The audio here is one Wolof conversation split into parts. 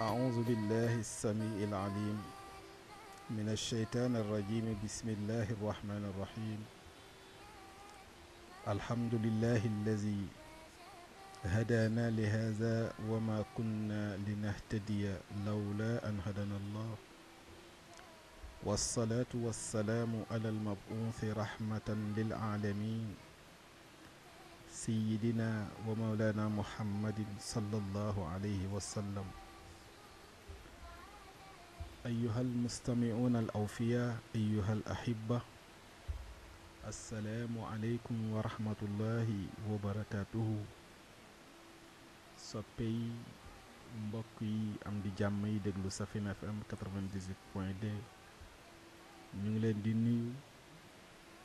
أعوذ بالله السميع العليم من الشيطان الرجيم بسم الله الرحمن الرحيم الحمد لله الذي هدانا لهذا وما كنا لنهتدي لولا أن هدانا الله والصلاة والسلام على المبعوث رحمة للعالمين سيدنا ومولانا محمد صلى الله عليه وسلم أيها المستمعون الأوفياء أيها الأحبة السلام عليكم ورحمة الله وبركاته سبي مبكي أم دي جامعي دقل سفين اف ام 98.2 نيولين دي نيو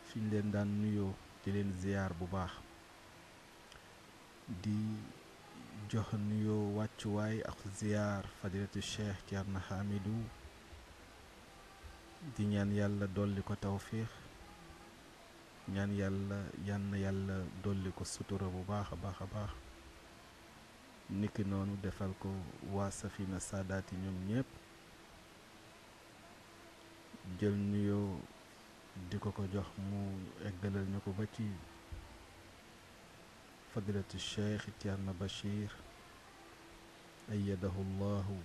فين دان نيو دي زيار بباح دي جوه نيو واتشواي أخ زيار فضيلة الشيخ كيرنا حامدو di ñaan yàlla dolli ko tawfiix ñaan yàlla yann yàlla dolli ko sutura bu baax a baax a baax niki noonu defal ko waa safina saadaati ñoom ñépp jël nuyoo di ko ko jox mu eggalal ñu ko ba ci fadilatu cheikh Thierno Bachir ayadahu llahu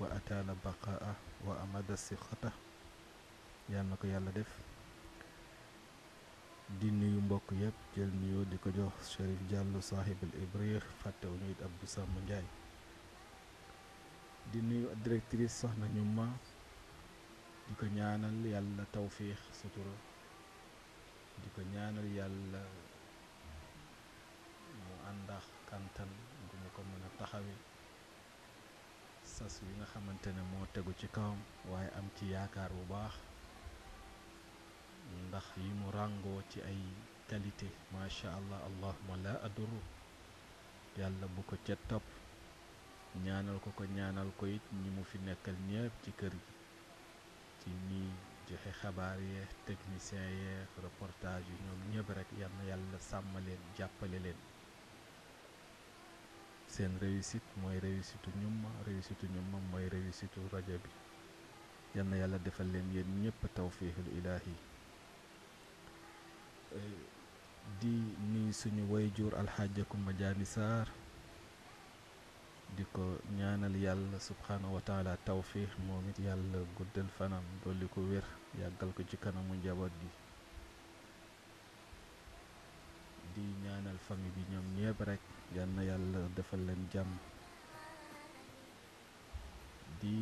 wa ataala baqaa'ah wa amada sixatah yàlla na ko yàlla def di nuyu mbokk yeb jël nuyu diko jox cheikh Diallo sahib saahibul ibriix fàttewuñu it Abdou sam ndjay di nuyu directrice soxna ñu ma di ñaanal yàlla tawfiq sutura diko ñaanal yàlla mu àndax kantan gu mu ko mëna taxawe sas wi nga xamantene mo teggu ci kawam waye am ci yaakar bu baax ndax yi mu ràngoo ci ay qualité macha allah allahuma la aduru yàlla bu ko ca topp ñaanal ko ko ñaanal ko it ñi mu fi nekkal ñépp ci kër gi ci ñi joxe xabaar yeex technicien yeex reportage yi ñoom ñëpp rek yal na yàlla sàmm leen jàppale leen seen réussite mooy réussite ma réussite ma mooy réussite rajo bi yal na yàlla defal leen yéen ñépp tawfiixul ilaahi di nuyu suñu wayjur alxaaja Kumba Jaani Saar di ko ñaanal yàlla subhaanahu wa taala tawfiix moom it yàlla guddal fanam dolli ko wér yàggal ko ci kanamu njaboot gi di ñaanal famille bi ñoom ñépp rekk yal yàlla defal leen jàmm di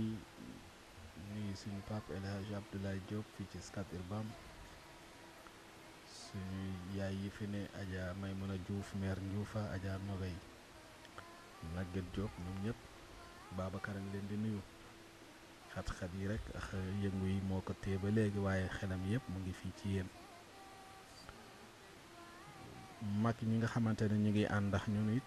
nuyu suñu papa El Hadj Abdoulaye Diop ci Scat Urbam suñu yaay yi fi ne Adja Maymuna Diouf maire Ndioufa Adja Nogay Maguette Diop ñoom ñëpp Babacar a ngi leen di nuyu xat-xat yi rek ak yëngu yi moo ko téye ba léegi waaye xelam yëpp mu ngi fii ci yéen mag ñi nga xamante ne ñu ngi ànd ñu ñun it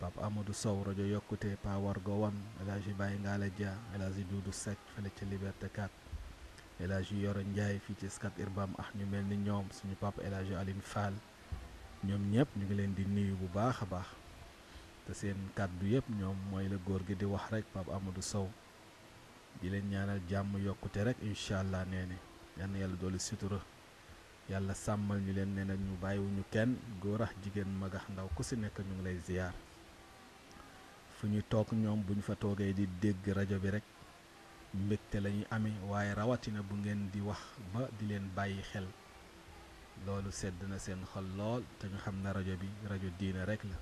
Pape Amadou Sow rajo yokkute Pa Wargo One El Hadj Baye Ngale Dia El du Doudou Seck fële ca Liberté 4 elaji yor Yoro Ndiaye fii ci skat Urbam ah ñu melni ni suñu papa elaji Aline Fall ñom ñëpp ñu ngi leen di nuyu bu baaxa baax te seen kaddu yëpp ñom moy le gor gi di wax rek papa Amadou Sow di leen ñaanal jamm yokkute rek inshallah allah nee yalla doli na yàlla doolu sutura yàlla sàmmal ñu leen nee na ñu kenn góor ak jigen magax ndaw ku ci nekk ñu ngi lay ziar fu ñu tok ñom buñ fa di dégg rajo bi rek. mbégte la ñuy amee waaye rawatina bu ngeen di wax ba di leen bàyyi xel loolu sedd na seen xol lool te ñu xam ne rajo bi rajo diine rek la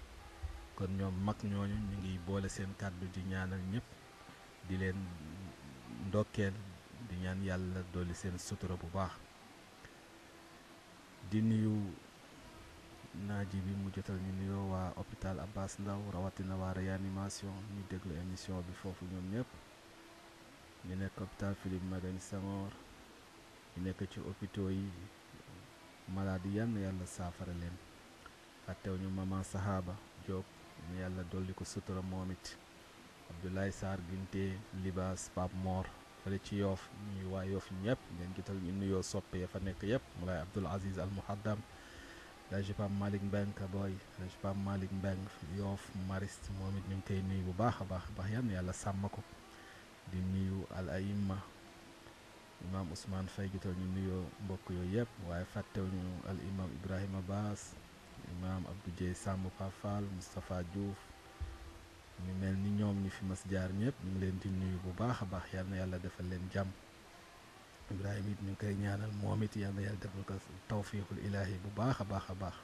kon ñoom mag ñooñu ñu ngi boole seen kàddu di ñaanal ñëpp di leen ndokkeel di ñaan yàlla dolli seen sutura bu baax di nuyu naaji bi mu jotal ñu nuyoo waa hôpital Abbas Ndao rawatina waa réanimation ñu déglu émission bi foofu ñoom ñëpp ñu nekk hôpital Philippe Magagne Senghor ñu nekk ci hôpitaux yi malade yal na yàlla saafara leen fàttew ñu saxaaba Sahaba Diop ñu yàlla dolli ko sutura moom it Abdoulaye Sarr Gunte Libas Pape Mor fële ci yoof ñuy waa yoof ñëpp ngeen gital ñu nuyoo sopp ya fa nekk yëpp Moulay Abdoul Aziz Al Muhaddam Alaaji Pam Malick Mbeng Kaboy Alaaji Pam Malick Mbeng Yoof Mariste moom it ñu ngi koy nuyu bu baax a baax baax yal yàlla sàmm ko di nuyu al aima imam Ousmane Faye jotal ñu nuyoo mbokk yooyu yëpp waaye fàttewuñu al imam Ibrahima Baas imam Abdou Dieye Samb Pafal Moustapha Diouf ñu mel ni ñoom ñi fi mas jaar ñëpp ñu ngi leen di nuyu bu baax a baax yal na yàlla defal leen jàmm Ibrahima it ñu ngi koy ñaanal moom it yal na yàlla defal ko tawfiqul ilaahi bu baax a baax a baax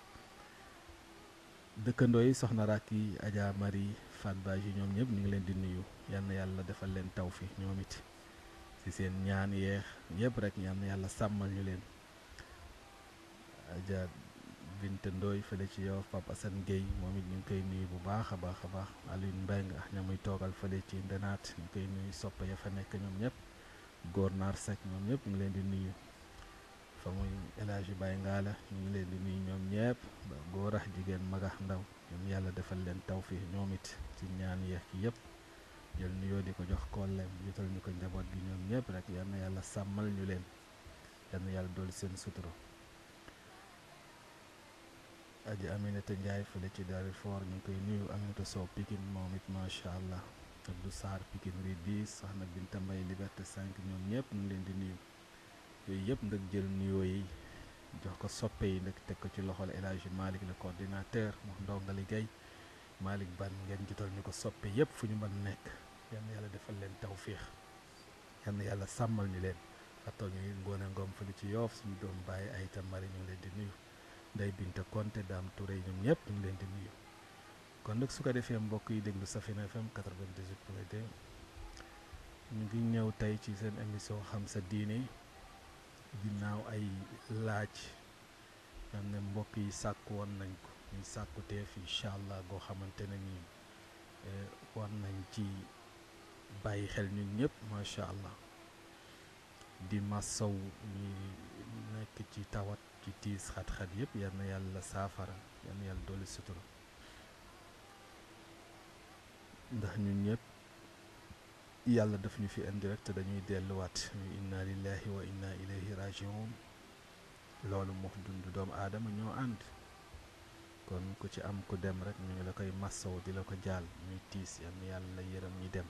dëkkandoo yi soxna Racky Adja Marie Fat Badji ñoom ñëpp ñu ngi leen di nuyu yal yàlla defal leen taw fii ñoom it ci seen ñaan yeex yëpp rek yal yàlla sàmmal ñu leen Adja Binte fële ci yow Papa Assane Gueye moom it ñu ngi koy nuyu bu baax a baax a baax Alioune Mbengue ak ña muy toogal fële ci ndenaat ñu ngi koy nuyu sopp ya fa nekk ñoom ñëpp góor naar Seck ñoom ñëpp ñu ngi leen di nuyu fa muy El Hadji Baye Ngaala ñu ngi leen di nuyu ñoom ñëpp ba góor ak jigéen mag ndaw ñoom yàlla defal leen tawfiix ñoom it ci ñaan yeex ki yëpp jël nuyoo di ko jox kooleem jotal ñu ko njaboot gi ñoom ñëpp rek yal na yàlla sàmmal ñu leen yal na yàlla dolli seen suturo aji Aminata Ndiaye fële ci daari foor ñu ngi koy nuyu Aminata Sow Pikine moom it macha allah Abdou Sarr Pikine rue 10 Soxna Binta Mbaye Liberté 5 ñoom ñëpp ñu ngi leen di nuyu yooyu yëpp nag jël nuyoo yi jox ko soppe yi nag te ko ci loxol El Hadji Malick le coordinateur mu ndongali gay Malick ban ngeen jotal ñu ko soppee yëpp fu ñu mën nekk yal na yàlla defal leen tawfiix yal na yàlla sàmmal ñu leen atoo ñu ngoone ngoom fële ci yoof suñu doom bàyyi ay itam mari ñu ngi leen di nuyu nday te Konte Dame Touré ñoom ñëpp ñu ngi leen di nuyu kon nag su ko defee mbokk yi déglu Safina FM 98 point ñu ngi ñëw tey ci seen émission xam sa diine ginnaaw ay laaj xam ne mbokk yi sàkku woon nañ ko ñuy sàkkuteef incha allah goo xamante ne nii eh, war nañ ci bàyyi xel ñun ñëpp macha allah di masaw ñi nekk ci tawat ci tiis xat-xat yëpp yal na yàlla saafara yal na yàlla dolli sutura ndax ñun ñëpp yàlla daf ñu fi indi dañuy delluwaat ñu inna lillahi wa inna ilayhi rajiun loolu moo dundu doomu aadama ñoo ànd kon ku ci am ku dem rek ñu ngi la koy massaw di la ko jaal muy tiis yal na yàlla yërëm ñi dem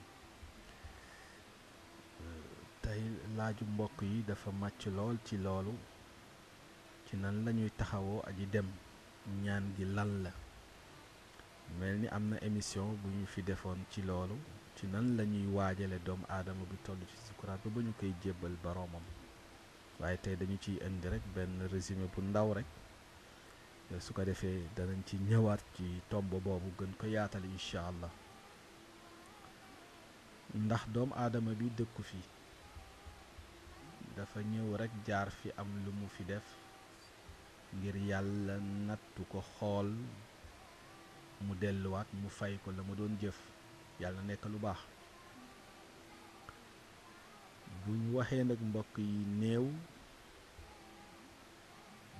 tey laaju mbokk yi dafa màcc lool ci loolu ci nan lañuy taxawoo aji dem ñaan gi lan la mel ni am na émission bu ñu fi defoon ci loolu ci nan la ñuy waajale doomu aadama bi toll ci sukkuraat ba ba ñu koy jébbal boroomam waaye tey dañu ciy indi rek benn résumé bu ndaw rek su ko defee danañ ci ñëwaat ci tomb boobu gën ko yaatal incha allah ndax doomu aadama bi dëkku fi dafa ñëw rek jaar fi am lu mu fi def ngir yàlla nattu ko xool mu delluwaat mu fay ko la ma doon jëf yàlla nekk lu baax bu ñu waxee nag mbokk yi néew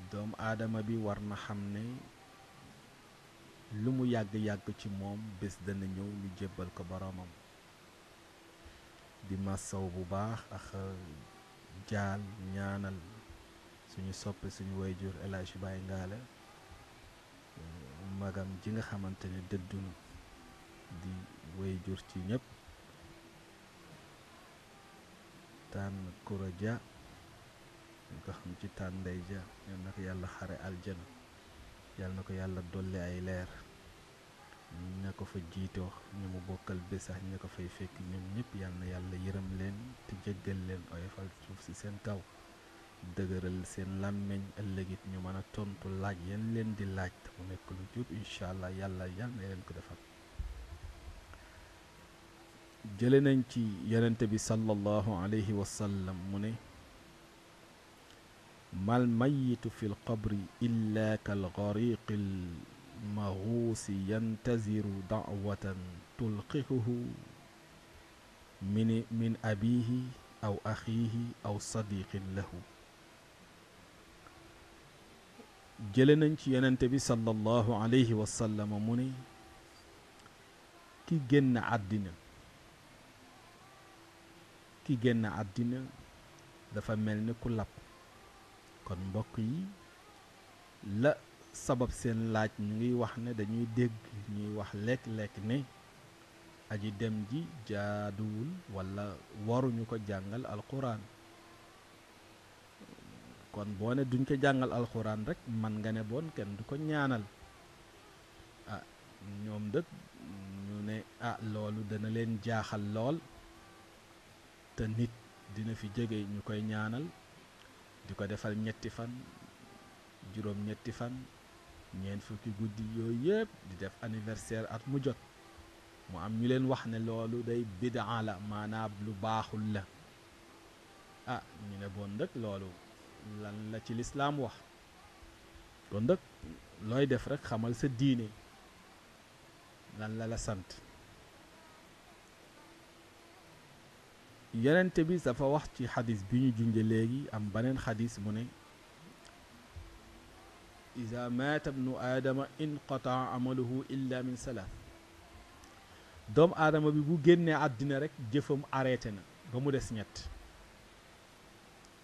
doomu aadama bi war na xam ne lu mu yàgg-yàgg ci moom bés dana ñëw lu jébbal ko boroomam di massaw bu baax ak jaal ñaanal suñu soppe suñu wayjur El Hadj Baye Ngaale magam ji nga xamante ne dëddunu di way jur ci ñëpp tànn Koura ja ñu ko xam ci tànn ja Dia ñoom nag yàlla xare aljana yàlla na ko yàlla dolli ay leer ñi na ko fa jiitoo ñu mu bokkal bésax ñi na ko fay fekk ñoom ñëpp yàlla yàlla yërëm leen te jéggal leen oyofal suuf si seen kaw dëgëral seen làmmiñ ëllëgit ñu mën a tontu laaj yeen leen di laaj te mu nekk lu jub incha allah yàlla yàlla leen ko defal جلنن كي صلى الله عليه وسلم مني ما الميت في القبر إلا كالغريق المغوص ينتظر دعوة تلقحه من, من أبيه أو أخيه أو صديق له جلنن كي صلى الله عليه وسلم مني كي جن عدنا ki génn àddina dafa mel ni ku lab kon mbokk yi la sabab seen laaj ñu ngi wax ne dañuy dégg ñuy wax lekk-lekk ne aji dem ji jaaduwul walla waruñu ko jàngal alxuraan kon boo ne duñ ko jàngal alxuraan rekk man nga ne bon kenn du ko ñaanal ah ñoom dëkk ñu ne ah loolu dana leen jaaxal lool ñaata nit dina fi jege ñu koy ñaanal di ko defal ñetti fan juróom ñetti fan ñeent fukki guddi yooyu yëpp di def anniversaire at mu jot mu am ñu leen wax ne loolu day bidaa la maanaam lu baaxul la a ah, ñu ne bon ndëkk loolu lan la ci lislaam wax kon ndëkk looy def rek xamal sa diine lan la la sant yenente bi dafa wax ci xadis bi ñu junje léegi am beneen xadis mu ne ida maata ibnu aadama inqataa amaluhu illa min salaat doomu aadama bi bu génnee àddina rek jëfam arrêté na ba mu des ñett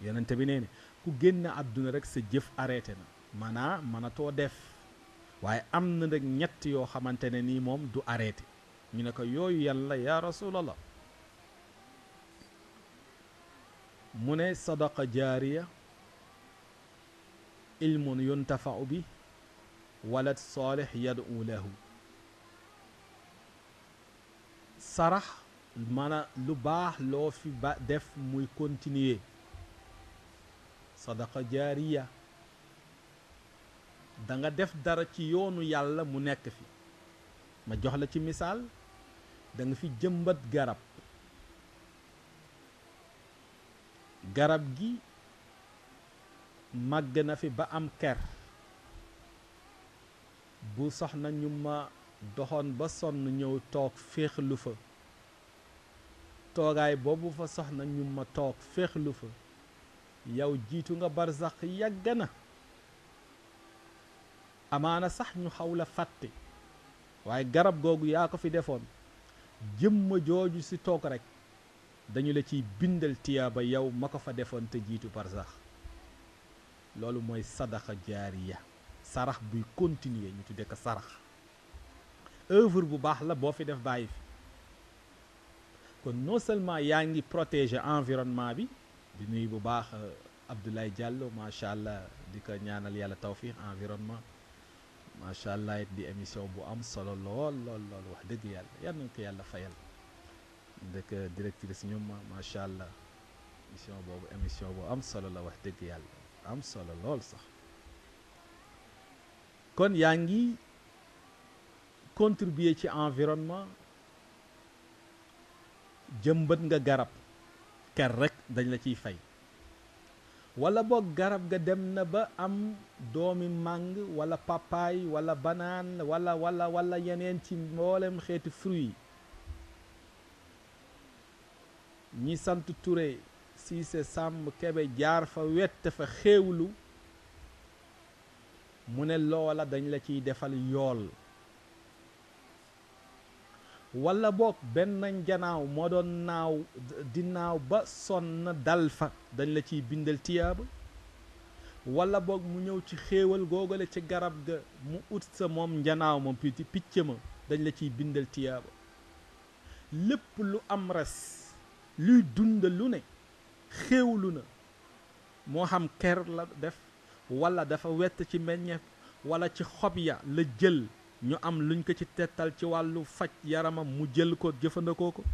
yenente bi nee ne ku génn àdduna rek sa jëf arrêté na manaa mënatoo def waaye am na nag ñett yoo xamante ne nii moom du arrêté ñu ne ko yooyu yàlla yaa rasulallah mu ne sadaqa jaariya ilmun yuntafau bi walad saalix yadu lahu sarax maanaam lu baax loo fi ba def muy continuer sadaqa jaariya da nga def dara ci yoonu yàlla mu nekk fi ma jox la ci misaal da nga fi jëmbat garab garab gi màgg na fi ba am ker bu soxna ñu ma doxoon ba sonn ñëw toog féexlu fa toogaay boobu fa soxna ñu ma toog féexlu fa yow jiitu nga barsax yàgg na amaana sax ñu xaw la fàtte waaye garab googu yaa ko fi defoon jëmma jooju ci toog rekk dañu la ci bindal tiyaba yow mako fa defon te jiitu barsax lolou moy sadaqa jariya sarax buy continuer ñu tudde ko sarax œuvre bu baax la bo fi def bàyyi fi kon non seulement ya ngi protéger environnement bi di nuy bu baax Abdoulaye Diallo macha allah di ñaanal yàlla tawfiq environnement macha allah it di émission bu am solo lool lool lool wax dëgg yàlla yal nañ ko yàlla fayal. dëkk directrice ñu ma macha allah émission boobu émission bu am solo la wax dëgg yàlla am solo lool sax kon yaa ngi contribuer ci environnement jëmbat nga garab ker rek dañ la ciy fay wala boog garab ga dem na ba am doomi màng wala papaay wala banaan wala walla wala yeneen ci mboolem xeeti fruit ñi sant ture Cissé sàmm Kébé jaar fa wett fa xéewlu mu ne loola dañ la ciy defal yool wala boog benn njanaaw moo doon naaw di naaw ba sonn dal fa dañ la ciy bindal tiyaaba wala boog mu ñëw ci xéewal googale ci garab ga mu ut sa moom njanaaw moom picc ma dañ la ciy bindal tiyaaba lépp lu am res luy dund lu ne xéewlu na moo xam ker la def walla dafa wet ci meññeef walla ci xob ya la jël ñu am luñ ko ci tettal ci wàllu faj yaramam mu jël ko jëfandikoo ko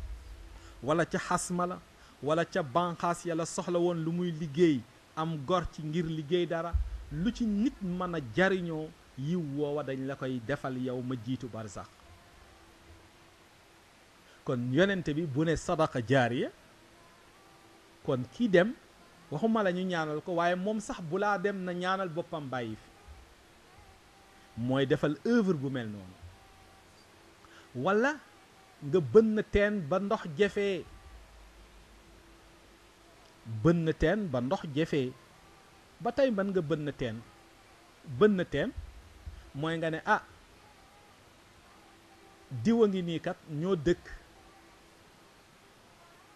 wala ca xasmala la wala ca banqaas ya la soxla woon lu muy liggéey am gor ci ngir liggéey dara lu ci nit mën a jariñoo yiw woowa dañ la koy defal yow ma jiitu sax kon yonent bi bu ne sadaqa jaariya kon kii dem waxuma la ñu ñaanal ko waaye moom sax bu laa dem na ñaanal boppam bàyyi fi mooy defal œuvre bu mel noonu wala nga bënn teen ba ndox jafee bënn teen ba ndox jafee ba tey mën nga bënn teen bënn teen mooy nga ne ah diwa ngi nii kat ñoo dëkk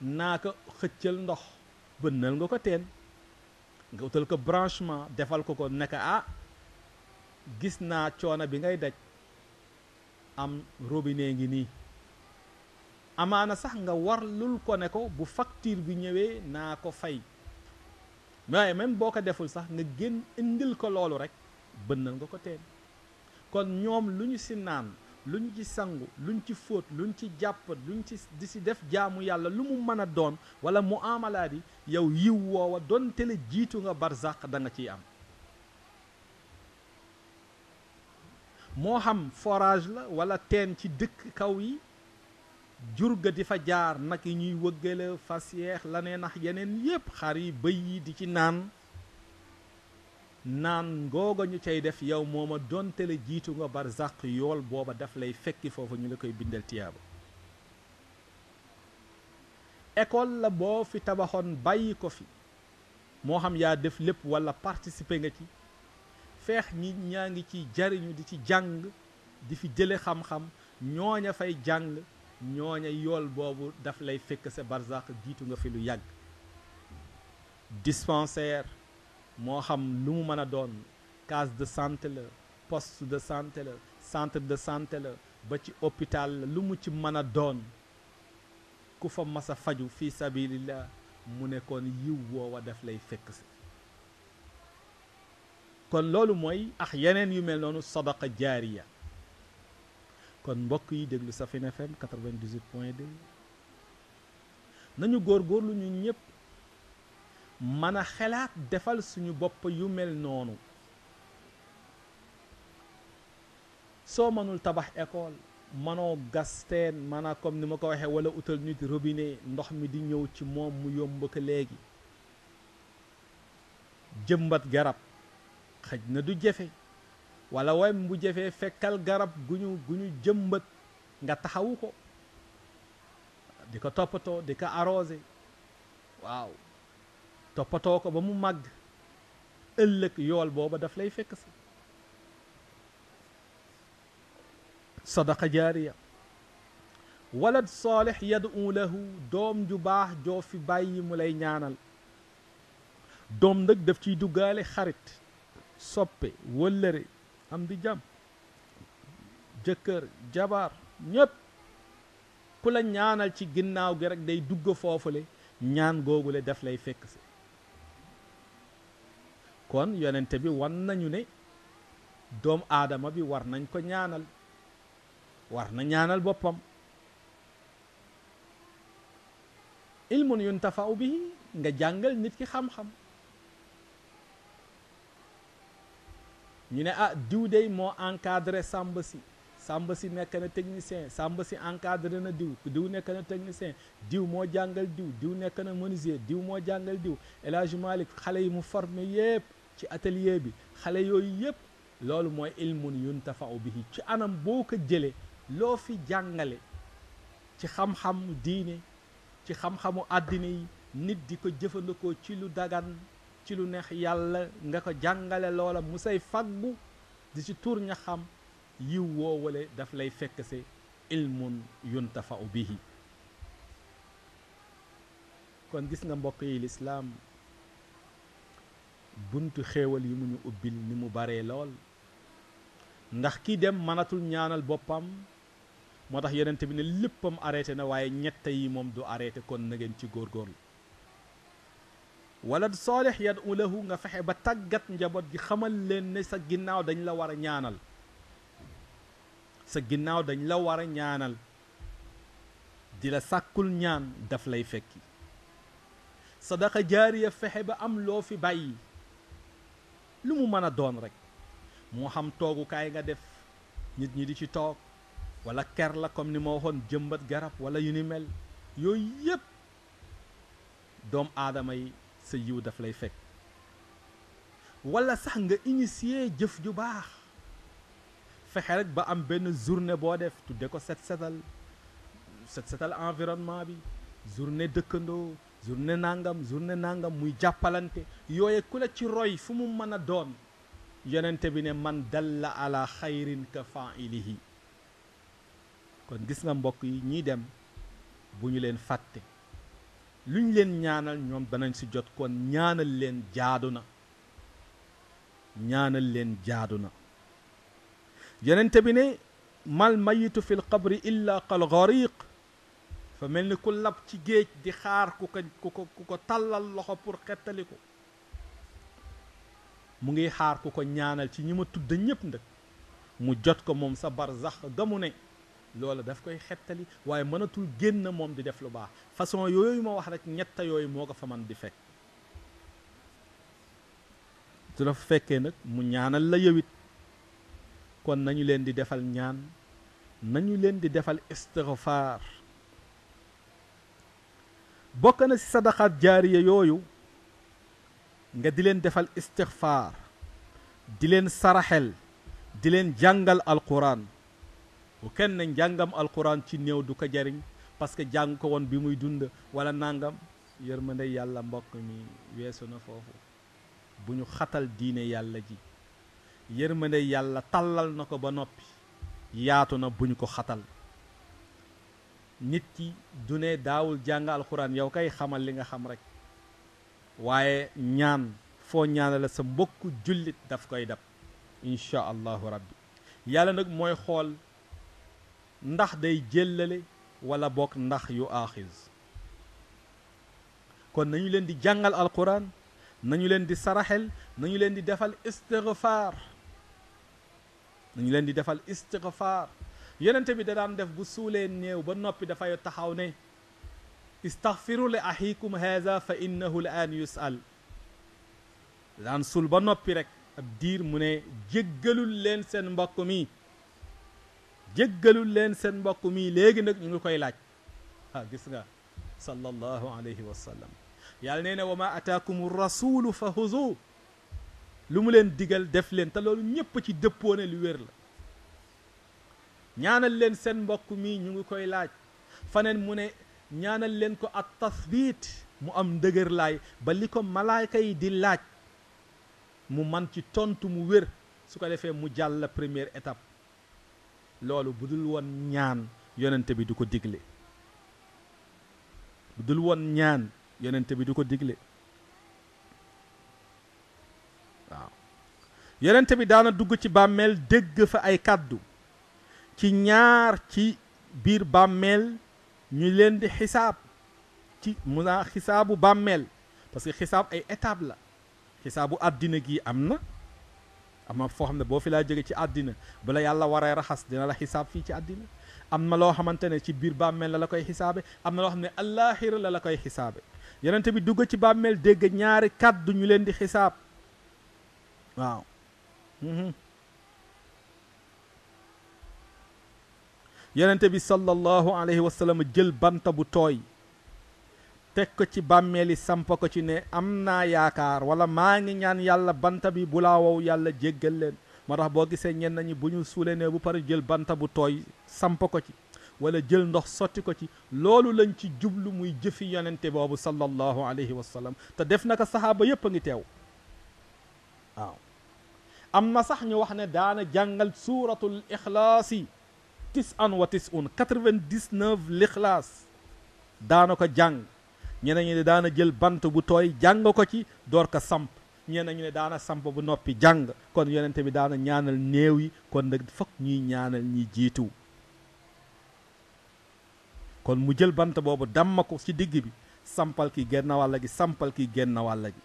naa ko xëccal ndox bënnal nga ko teen nga utal ko branchement defal ko ko nekk ah gis naa coono bi ngay daj am robine ngi nii amaana sax nga warlul ko ne ko bu facture bi ñëwee naa ko fay waaye même boo ko deful sax nga génn indil ko loolu rek bënnal nga ko teen kon ñoom lu ñu si naan luñ ci sangu luñ ci fóot luñ ci jàpp luñ ci di si def jaamu yàlla lu mu mën a doon wala mu amalaat yi yow yiw woowa donte la jiitu nga barzaq da nga ciy am moo xam forage la wala teen ci dëkk kaw yi jur ga di fa jaar nag yi ñuy wëggale fas yeex la nee nax yeneen yépp xar yi bëy yi di ci naan naan ngooga ñu cay def yow mooma donte la jiitu nga barzaq yool booba daf lay fekki foofa ñu la koy bindal tiyaaba école la boo fi tabaxoon bàyyi ko fi moo xam yaa def lépp walla participer nga ci feex ñi ñaa ngi ci jariñu di ci jàng di fi jële xam-xam ñooña fay jàng ñooña yool boobu daf lay fekk sa barzaq jiitu nga fi lu yàgg dispensaire moo xam lu mu mën a doon case de santé la post de santé la centre de santé la ba ci hôpital la lu mu ci mën a doon ku fa mas a faju fi sabilillah mu ne kon yiw woowa daf lay fekk si kon loolu mooy ax yeneen yu mel noonu sadaqa ya kon mbokk yi déglu Safin FM 98 point 2 nañu góorgóorlu ñu ñëpp mën a xalaat defal suñu bopp yu mel noonu soo mënul tabax école manoo gas teen maanaam comme ni ma ko waxee wala utal nit robinet ndox mi di ñëw ci moom mu yomb ko léegi jëmbat garab xëj na du jafe wala wam mu jafee fekkal garab gu ñu gu ñu jëmbat nga taxawu ko di ko toppatoo di ko arrosé waaw toppatoo ko ba mu màgg ëllëg yool booba daf lay fekk si sadaqa jaariya walad saalix yad'u lahu doom ju baax joo fi bàyyi mu lay ñaanal doom nag daf ciy duggaale xarit soppe wëllëre am di jàmm jëkkër jabar ñépp ku la ñaanal ci ginnaaw gi rek day dugg foofule ñaan googule daf lay fekk si kon yonente bi wan nañu ne doom aadama bi war nañ ko ñaanal war na ñaanal boppam ilmun yuntafau bihi nga jàngal nit ki xam-xam ñu ne ah diw dey moo encadré sàmba si sàmba si nekk na technicien sàmba si encadré na diw diw nekk na technicien diw moo jàngal diw diw nekk na menuisier diw moo jàngal diw El Hadj xale yi mu formé yépp ci atelier bi xale yooyu yépp loolu mooy ilmun yuntafau bihi ci anam boo ko jëlee loo fi jàngale ci xam-xamu diine ci xam-xamu àddina yi nit di ko jëfandikoo ci lu dagan ci lu neex yàlla nga ko jàngale loola mu say faggu di ci tuur ña xam yiw woowale daf lay fekk se ilmun yuntafau bihi kon gis nga mbokk yi lislaam buntu xewal yi mu ñu ubbil ni mu bare lool ndax ki dem manatul ñaanal boppam motax yenente bi ne léppam arrêté na waye ñett yi mom du arrêté kon na ngeen ci gor walad salih yad'u lahu nga fexe ba tagat njabot gi xamal leen ne sa ginnaw dañ la wara ñaanal sa ginnaw dañ la wara ñaanal dila sakul ñaan daf lay fekki sadaqa jariya fexe ba am lo fi bàyyi lu mu mën a doon rek moo xam toogukaay nga def nit ñi di ci toog walla ker la comme ni ma waxoon jëmbat garab wala yu ni mel yooyu yépp doom aadama yi sa yiw daf lay fekk wala sax nga initier jëf ju baax fexe rek ba am benn journée boo def tudde ko set setal set setal environnement bi journée dëkkandoo journée nangam journée nangam muy jàppalante yooye ku la ci roy fu mu mën a doon yonente bi ne man dalla ala xayrin ka failihi kon gis nga mbokk yi ñiy dem bu ñu leen fàtte luñ leen ñaanal ñoom danañ si jot kon ñaanal leen jaadu na ñaanal leen jaadu na yonente bi ne mal mayitu fi l qabri illa kal gariq fa mel ni ku lab ci géej di xaar ku ko ku ko ku ko tàllal loxo pour xettali ko mu ngi xaar ku ko ñaanal ci ñi ma tudd ñëpp nag mu jot ko moom sa barzax ga mu ne loola daf koy xettali waaye mënatul génn moom di def lu baax façon yooyu ma wax rek ñetta yooyu moo ko fa man di fekk su la fekkee nag mu ñaanal la yowit kon nañu leen di defal ñaan nañu leen di defal istighfar bokk na ci sadaxaat jaariya yooyu nga di leen defal istixfaar di leen saraxel di leen jàngal alxuraan bu kenn njàngam alquran ci néew du ko jariñ parce que jàng ko woon bi muy dund wala nàngam yërmande yàlla mbokk mi weesu na foofu bu ñu xatal diine yàlla ji yërmande yàlla tàllal na ko ba noppi yaatu na bu ñu ko xatal nit ki du ne daawul jàng alxuraan yow kay xamal li nga xam rek waye ñaan fo ñaanal sa mbokk julit daf koy dab insha allah rabbi yàlla nak moy xol ndax day jëlale wala bok ndax yu akhiz kon nañu leen di jàngal alquran nañu leen di saraxel nañu leen di defal istighfar nañu leen di defal istighfar yenente bi da daan def bu suulee néew ba noppi dafay taxaw ne istaxfiru li axikum haza fa innahu la yusal daan sul ba noppi rek ab diir mu ne jéggalul leen seen mbokk mi jéggalul leen seen mbokk mi léegi nag ñu ngi koy laaj ah gis nga sallallahu alayhi wa sallam yàlla nee na wa ma ataakum rasulu fa huzu lu mu leen digal def leen te loolu ñépp ci dëppoone lu wér la ñaanal leen seen mbokk mii ñu ngi koy laaj faneen mu ne ñaanal leen ko at tasbit mu am ndëgër laay ba li ko malaayka yi di laaj mu man ci tontu mu wér su ko defee mu jàll la première étape loolu bu dul woon ñaan yonente bi du ko digle bu dul woon ñaan yonente bi du ko digle waaw yonente bi daana dugg ci bàmmeel dëgg fa ay kàddu ci ñaar ci biir bàmmeel ñu leen di xisaab ci mu naa xisaabu bàmmeel parce que xisaab ay étape la xisaabu àddina gi am na am na foo xam ne boo fi laa jóge ci àddina bu la yàlla waree raxas dina la xisaab fii ci àddina am na loo xamante ne ci biir bàmmeel la la koy xisaabe am na loo xam ne allaaxira la la koy xisaabe yonent bi dugg ci bàmmeel dégg ñaari kàddu ñu leen di xisaab waaw yonente bi sallallahu alayhi wa sallam jël banta bu toy tek ko ci bàmmeeli samp ko ci ne amna yaakar wala ma ngi ñaan yàlla banta bi bu laa wow yàlla jéggel leen ma tax bo gisé ñen nañu bu ñu suulee ne bu pare jël banta bu toy samp ko ci wala jël ndox soti ko ci lolu lañ ci jublu muy jëfi yonente bobu sallallahu alayhi wa sallam ta def naka sahaba saxaaba yépp ngi tew waaw amma sax ñu wax ne daana jàngal suratul ikhlasi tis'an wa tis'un quatre-vingt-dix-neuf lixlaas daana ko jàng ñeneen ñi ne daana jël bant bu tooy jàng ko ci door ko samp ñeneen ñu ne daana samp bu noppi jàng kon yonente bi daana ñaanal néew yi kon nag fokk ñuy ñaanal ñi jiitu kon mu jël bant boobu damma ko ci digg bi sampal ki genn wàlla gi sampal ki genn wàlla gi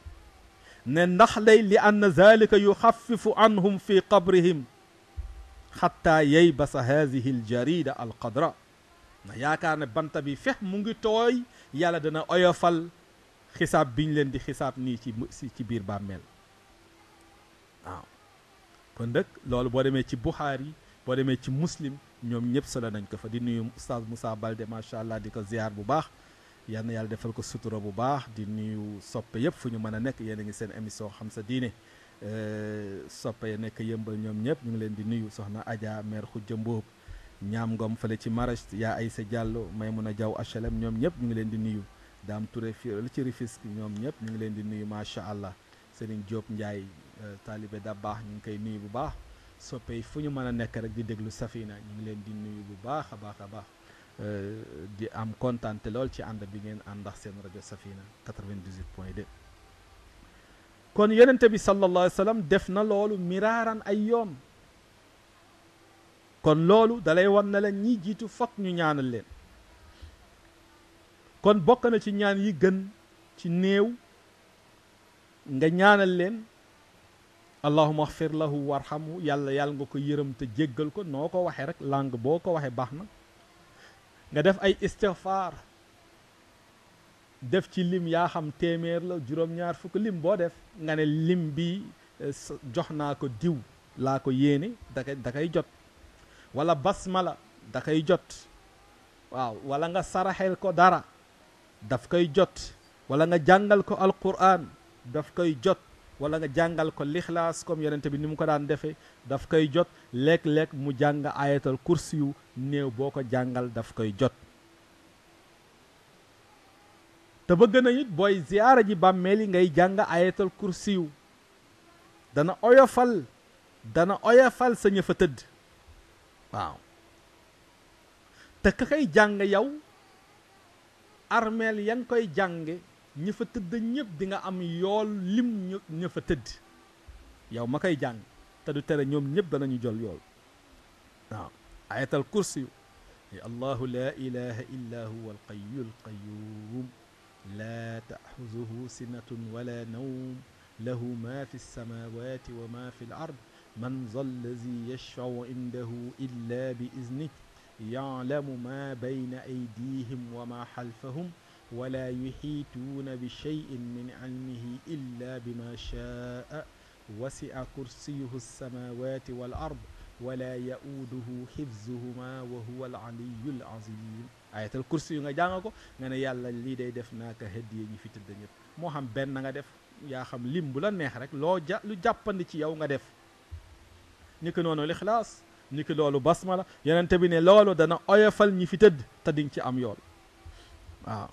ne ndax lay li ann zalika yuxaffifu anhum fi qabrihim حتى ييبس هذه الجريدة القدراء نياكا نبانتا بي فيه مونغي توي يالا دنا أيوفال خساب بين لين دي خساب ني تي سي تي بير بامل آه. كندك لول بوديمي تي بوخاري بوديمي تي مسلم نيوم نيب سلا نانكو فا دي نيوم استاذ موسى بالدي ما شاء الله ديكو زيار بو باخ يالا يالا ديفال كو سوتورو بو باخ دي نيو سوبي ييب فنيو مانا نيك يينا ني سين اميسيون خمسه دينه Euh, soppe ya nekk yëmbal ñoom ñëpp ñu ngi leen di nuyu soxna Adja mère Khoudia Mboob ñaam ngoom fële ci Mariste yaa Aysa Diallo Maymuna Jaw HLM ñoom ñëpp ñu ngi leen di nuyu daam Touré fii la ci ñoom ñëpp ñu ngi leen di nuyu macha allah Serigne Diop Ndiaye euh, taalibe da baax ñu ngi koy nuyu bu baax soppe yi fu ñu mën a nekk rek di déglu Safina ñu ngi leen di nuyu bu baax a baax a baax euh, di am kontaante lool ci ànd bi ngeen ànd ndax seen rajo Safina 98 point 2 kon yonente bi sallallahu alayhi wa sallam def na loolu miraaran ay yoon kon loolu dalay wan na leen ñi jiitu fokk ñu ñaanal leen kon bokk na ci ñaan yi gën ci néew nga ñaanal leen allahuma axfir lahu warxamu yàlla yàlla nga ko yërëm te jéggal ko noo ko waxee rek langue boo ko waxee baax na nga def ay istighfar def ci lim yaa xam téeméer la juróom-ñaar fukk lim boo def nga ne lim bi eh, jox naa ko diw laa ko yéene da kay jot wala basmala da kay jot waaw wala nga saraxel ko dara daf koy jot wala nga jàngal ko alquran daf koy jot wala nga jàngal ko lixlaas comme yonente bi ni mu ko daan defee daf koy jot léeg-léeg mu jàng ayatal kursi néew boo ko jàngal daf koy jot te bëgg nañ it booy ziyaara ji bàmmeel yi ngay jàng ayatal kursiw dana oyofal dana oyofal sa ña fa tëdd waaw te ka koy jàng yow armeel yang koy jànge ña fa tëdd ñëpp di nga am yool lim ña fa tëdd yow ma koy jàng te du tere ñoom ñëpp danañu jol yool waaw ayatal kursiw الله لا إله إلا هو alqayu القيوم لا تأخذه سنة ولا نوم له ما في السماوات وما في الأرض من ذا الذي يشفع عنده إلا بإذنه يعلم ما بين أيديهم وما خلفهم ولا يحيطون بشيء من علمه إلا بما شاء وسع كرسيه السماوات والأرض ولا يؤوده حفظهما وهو العلي العظيم ayatal kursi yu nga jàng ko nga ne yàlla lii day def naa ko hëddiye ñi fi tëdd ñëpp moo xam benn nga def ya xam lim bu la neex rek loo ja lu jàppandi ci yow nga def ni ki noonu lixlaas ni ki loolu basmala yonente bi ne loolu dana oyofal ñi fi tëdd te di ci am yool waaw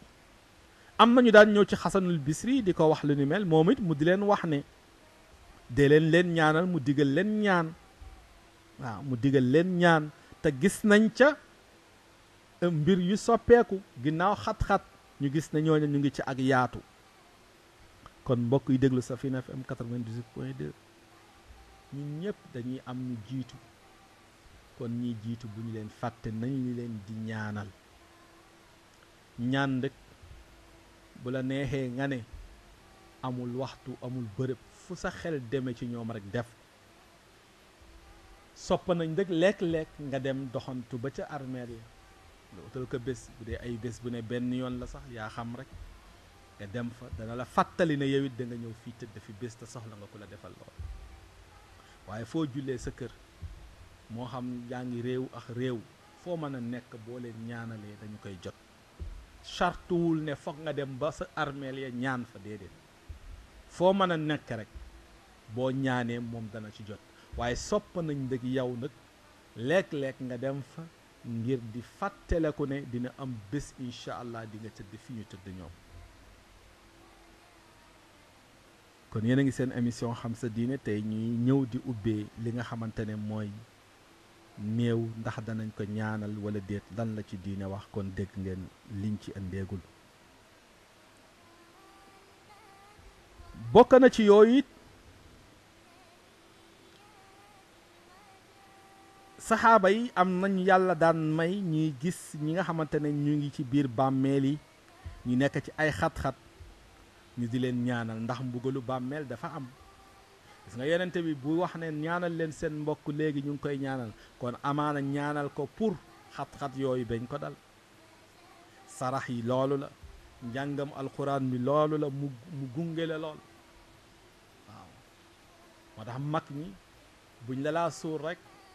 am nañu daan ñëw ci xasanul bisri di ko wax lu ni mel moom it mu di len wax ne dee leen leen ñaanal mu digal leen ñaan waaw mu digal leen ñaan te gis nañ ca mbir yu soppeeku ginnaaw xat-xat ñu gis nañoo ñu ngi ci ak yaatu kon mbokk yi déglu Safina FM 98.2 ñun ñëpp dañuy am ñu jiitu kon ñi jiitu bu ñu leen fàtte nañu leen di ñaanal ñaan rek bu la neexee nga ne amul waxtu amul bërëb fu sa xel deme ci ñoom rek def sopp nañ rek lekk-lekk nga dem doxantu ba ca armeel yi nga utal ko bés bu dee ay bés bu ne benn yoon la sax yaa xam rek nga dem fa dana la fàttali na yow it da ñëw fii tëdd fi bés te soxla nga ku la defal lool waaye foo jullee sa kër moo xam yaa ngi réew ak réew foo mën a nekk boo leen ñaanalee dañu koy jot chartuwul ne foog nga dem ba sa armeel ya ñaan fa déedéet foo mën a nekk rek boo ñaanee moom dana ci jot waaye sopp nañ dëgg yow nag lekk lekk nga dem fa ngir di fàttaleku ne dina am bés incha allah di nga tëdd fi ñu tëdd ñoom kon yéen a ngi seen émission xam sa diine tey ñuy ñëw di ubbee li nga xamante ne mooy néew ndax danañ ko ñaanal wala déet dan la ci diine wax kon dégg ngeen liñ ci indeegul bokk na ci yooyu it saxaaba yi am na ñu yàlla daan may ñuy gis ñi nga xamante ne ñu ngi ci biir bàmmeel yi ñu nekk ci ay xat-xat ñu di leen ñaanal ndax mbugalu bàmmeel dafa am gis nga yenente bi bu wax ne ñaanal leen seen mbokk léegi ñu ngi koy ñaanal kon amaana ñaanal ko pour xat-xat yooyu bañ ko dal sarax yi loolu la njàngam alxuraan mi loolu la mu mu gunge la lool waaw moo tax mag ñi buñ la laa suur rek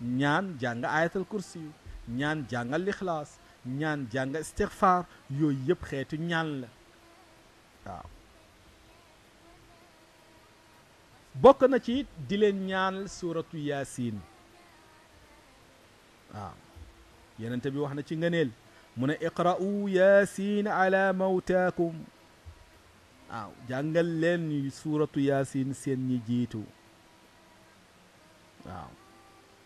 ñaan jàng ayatal kursi ñaan jàngal lixlaas ñaan jàng istixfaar yooyu yëpp xeetu ñaan la waaw bokk na ci di leen ñaanal suuratu yaasiin waaw yenent bi wax na ci ngëneel mu ne iqra'u yaasiin ala mawtaakum waaw jàngal leen suuratu yaasiin seen ñi jiitu waaw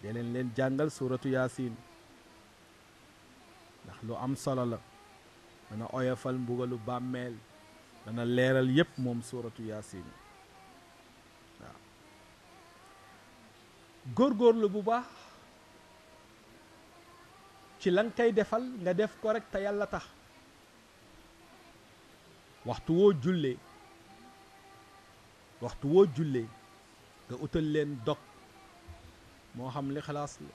dee leen leen jàngal suuratu yaasin ndax lu am solo la dana oyofal mbugalu bàmmeel dana leeral yépp moom suuratu yaasin waaw góorgóorlu bu baax ci la nga koy defal nga def ko rek te yàlla tax waxtu woo jullee waxtu woo jullee nga utal leen dog moo xam lixlaas la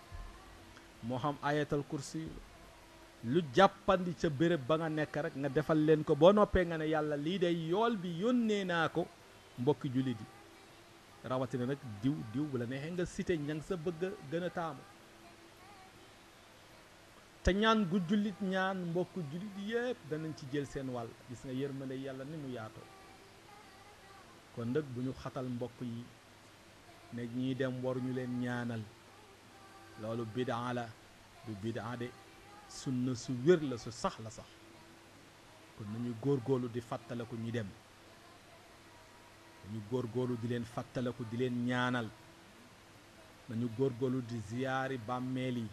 moo xam ayatal kursi lu jàppandi ca béréb ba nga nekk rek nga defal leen ko boo noppee nga ne yàlla lii day yool bi yónnee naa ko mbokki jullit yi rawatina nag diw diw bu la neexee nga cité ñang sa bëgg a gën a taamu te ñaan gu jullit ñaan mbokk jullit yépp danañ ci jël seen wàll gis nga yàlla ni mu yaatoo kon nag bu ñu xatal mbokk yi ne ñii dem ñu leen ñaanal loolu bidaa la du bidaa de sunna su wér la su sax la sax kon nañu góorgóorlu di fàttaliku ñu dem nañu góorgóorlu di leen fàttaleku di leen ñaanal nañu góorgóorlu di ziyaari bàmmeel yi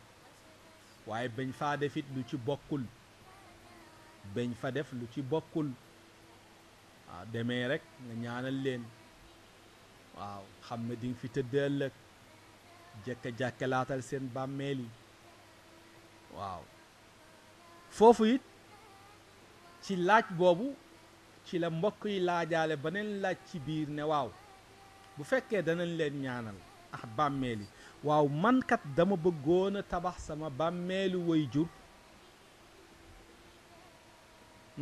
waaye bañ faa def it lu ci bokkul bañ fa def lu ci bokkul ah demee rekk nga ñaanal leen waaw xam ne di nga fi tëdd ëllëg jëkka laatal seen bàmmeel yi waaw foofu it ci laaj boobu ci la mbokk yi laajaale beneen laaj ci biir ne waaw bu fekkee danañ leen ñaanal ah bàmmeel yi waaw mankat dama bëggoon a tabax sama bàmmeelu way jur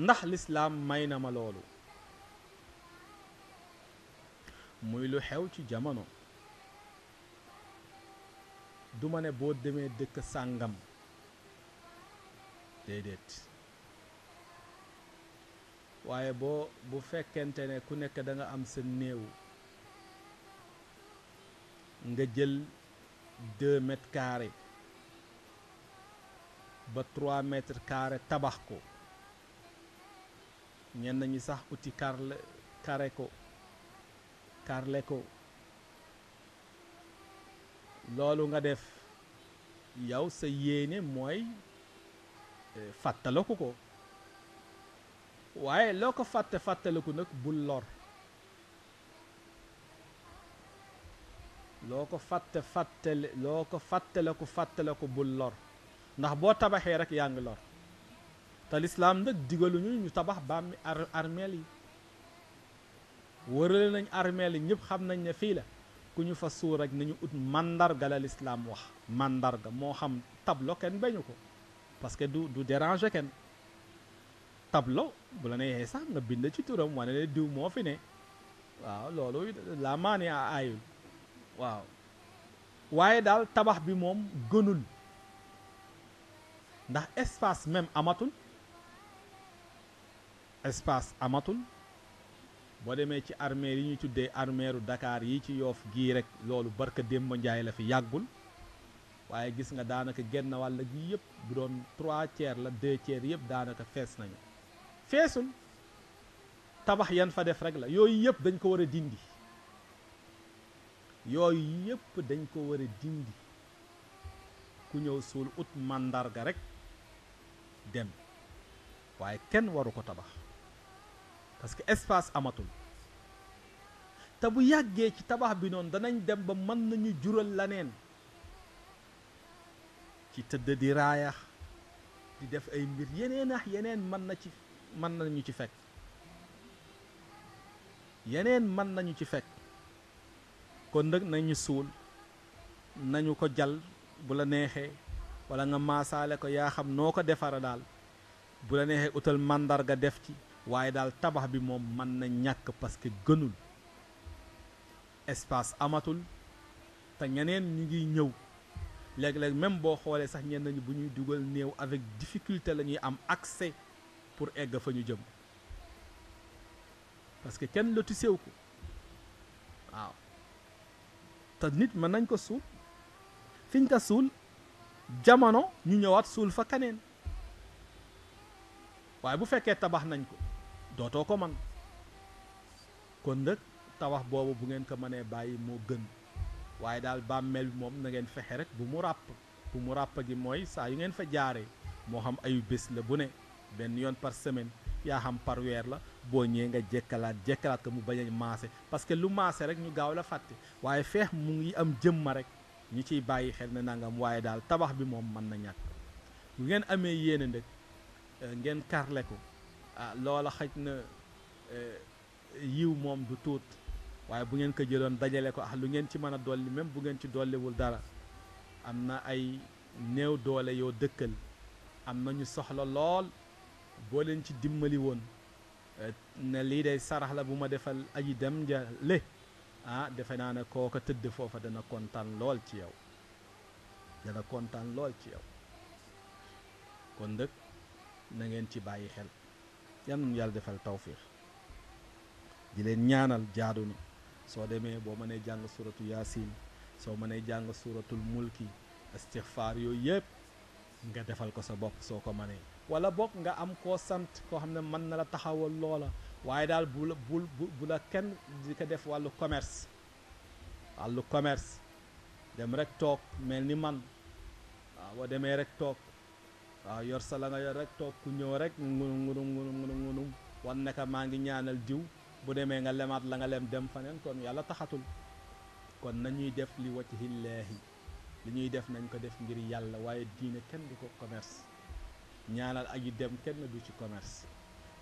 ndax lislaam may na ma loolu muy lu xew ci jamono du ma ne boo demee dëkk sàngam déedéet waaye boo bu fekkente ne ku nekk da am sa néew nga jël deux mètres ba trois mètres carrés tabax ko ñenn ñi sax uti carré ko karle ko loolu nga def yow sa yéene mooy eh, fàttaleku ko waaye loo ko fàtte fàttaleku nag bul lor loo ko fàtte fàttale loo ko fàttaliku fàttaliku bul lor ndax boo tabaxee rek yaa ngi lor te lislaam digaluñu ñu tabax bàmmi armeel yi wërël nañ armeel yi ñëpp xam nañ ne fii la ku ñu fa suur rek nañu ut mandarga la lislaam wax mandarga moo xam tablo kenn bañu ko parce que du du déranger kenn tablo bu la neexee sax nga bind ci turam wane ne diw moo fi ne waaw loolu la maani a aayul waaw waaye daal tabax bi moom gënul ndax espace même amatul espace amatul boo demee ci armeel yi ñu tuddee armeeru dakaar yi ci yoof gii rek loolu barka démb njaay la fi yàggul waaye gis nga daanaka genn wàll gi yëpp bu doon trois tiers la deux tiers yëpp daanaka fees nañu feesul tabax yan fa def rek la yooyu yëpp dañ ko war a dindi yooyu yëpp dañ ko war a dindi ku ñëw suul ut màndarga rek dem waaye kenn waru ko tabax parce que espace amatul te bu yàggee ci tabax bi noonu danañ dem ba mën nañu jural laneen ci tëdd di raayax di def ay mbir yeneen ax yeneen mën na ci mën nañu ci fekk yeneen mën nañu ci fekk kon nag nañu suul nañu ko jal bu la neexee wala nga maasaale ko yaa xam noo ko defara daal bu la neexee utal màndarga def ci waye dal tabakh bi mom man na ñak parce que gënul espace amatul ta ñeneen ñu ngi ñew leg leg même bo xolé sax ñen ñi bu ñuy dugal avec difficulté lañuy am accès pour égg fa ñu jëm parce que kenn loti wu ko waaw ta nit mën nañ ko sul fiñ ta sul jamono ñu ñëwaat sul fa kanen waaye bu fekkee tabax nañ ko dootoo ko man kon nag tawax boobu bu ngeen ko mënee bàyyi moo gën waaye daal bàmmeel bi moom na ngeen fexe rek bu mu ràpp bu mu ràpp gi mooy saa yu ngeen fa jaaree moo xam ayu bés la bu ne benn yoon par semaine yaa xam par weer la boo ñëwee nga jekkalaat jekkalaat ko mu bañ a maase parce que lu maase rek ñu gaaw la fàtte waaye feex mu ngi am jëmma rek ñu ciy bàyyi xel ne nangam waaye daal tabax bi moom mën na ñàkk bu ngeen amee yéene ndëg eh, ngeen karle ko ah loola xaj na eh, yiw moom du tuut waaye bu ngeen ko jëloon dajale ko ah lu ngeen ci mën a dolli même bu ngeen ci dolliwul dara am na ay néew doole yoo dëkkal am na ñu soxla lool boo leen ci dimmali woon eh, ne lii day sarax la bu ma defal aji dem ja le ah defe naa ne kooka tëdd foofa dana kontaan lool ci yow dana kontaan lool ci yow kon nag na ngeen ci bàyyi xel yanu nañu yàlla defal tawfiix di leen ñaanal jaadu na soo demee boo mënee jàng suratu yaasin soo mënee jàng suratul mulki istixfaar yooyu yëpp nga defal ko sa bopp soo ko mënee wala bokk nga am koo sant koo xam ne mën na la taxawal loola waaye daal bu la bu bu la kenn di ko def wàllu commerce wàllu commerce dem rek toog mel ni man waaw boo demee rek toog waaw yor sa la nga yor rek toog ku ñëw rek ngunum ngunum ngunum ngunum ngunum wan naka maa ngi ñaanal diw bu demee nga lemaat la nga lem dem faneen kon yàlla taxatul kon nañuy def li wajhillaahi li ñuy def nañ ko def ngir yàlla waaye diine kenn du ko commerce ñaanal ak yu dem kenn du ci commerce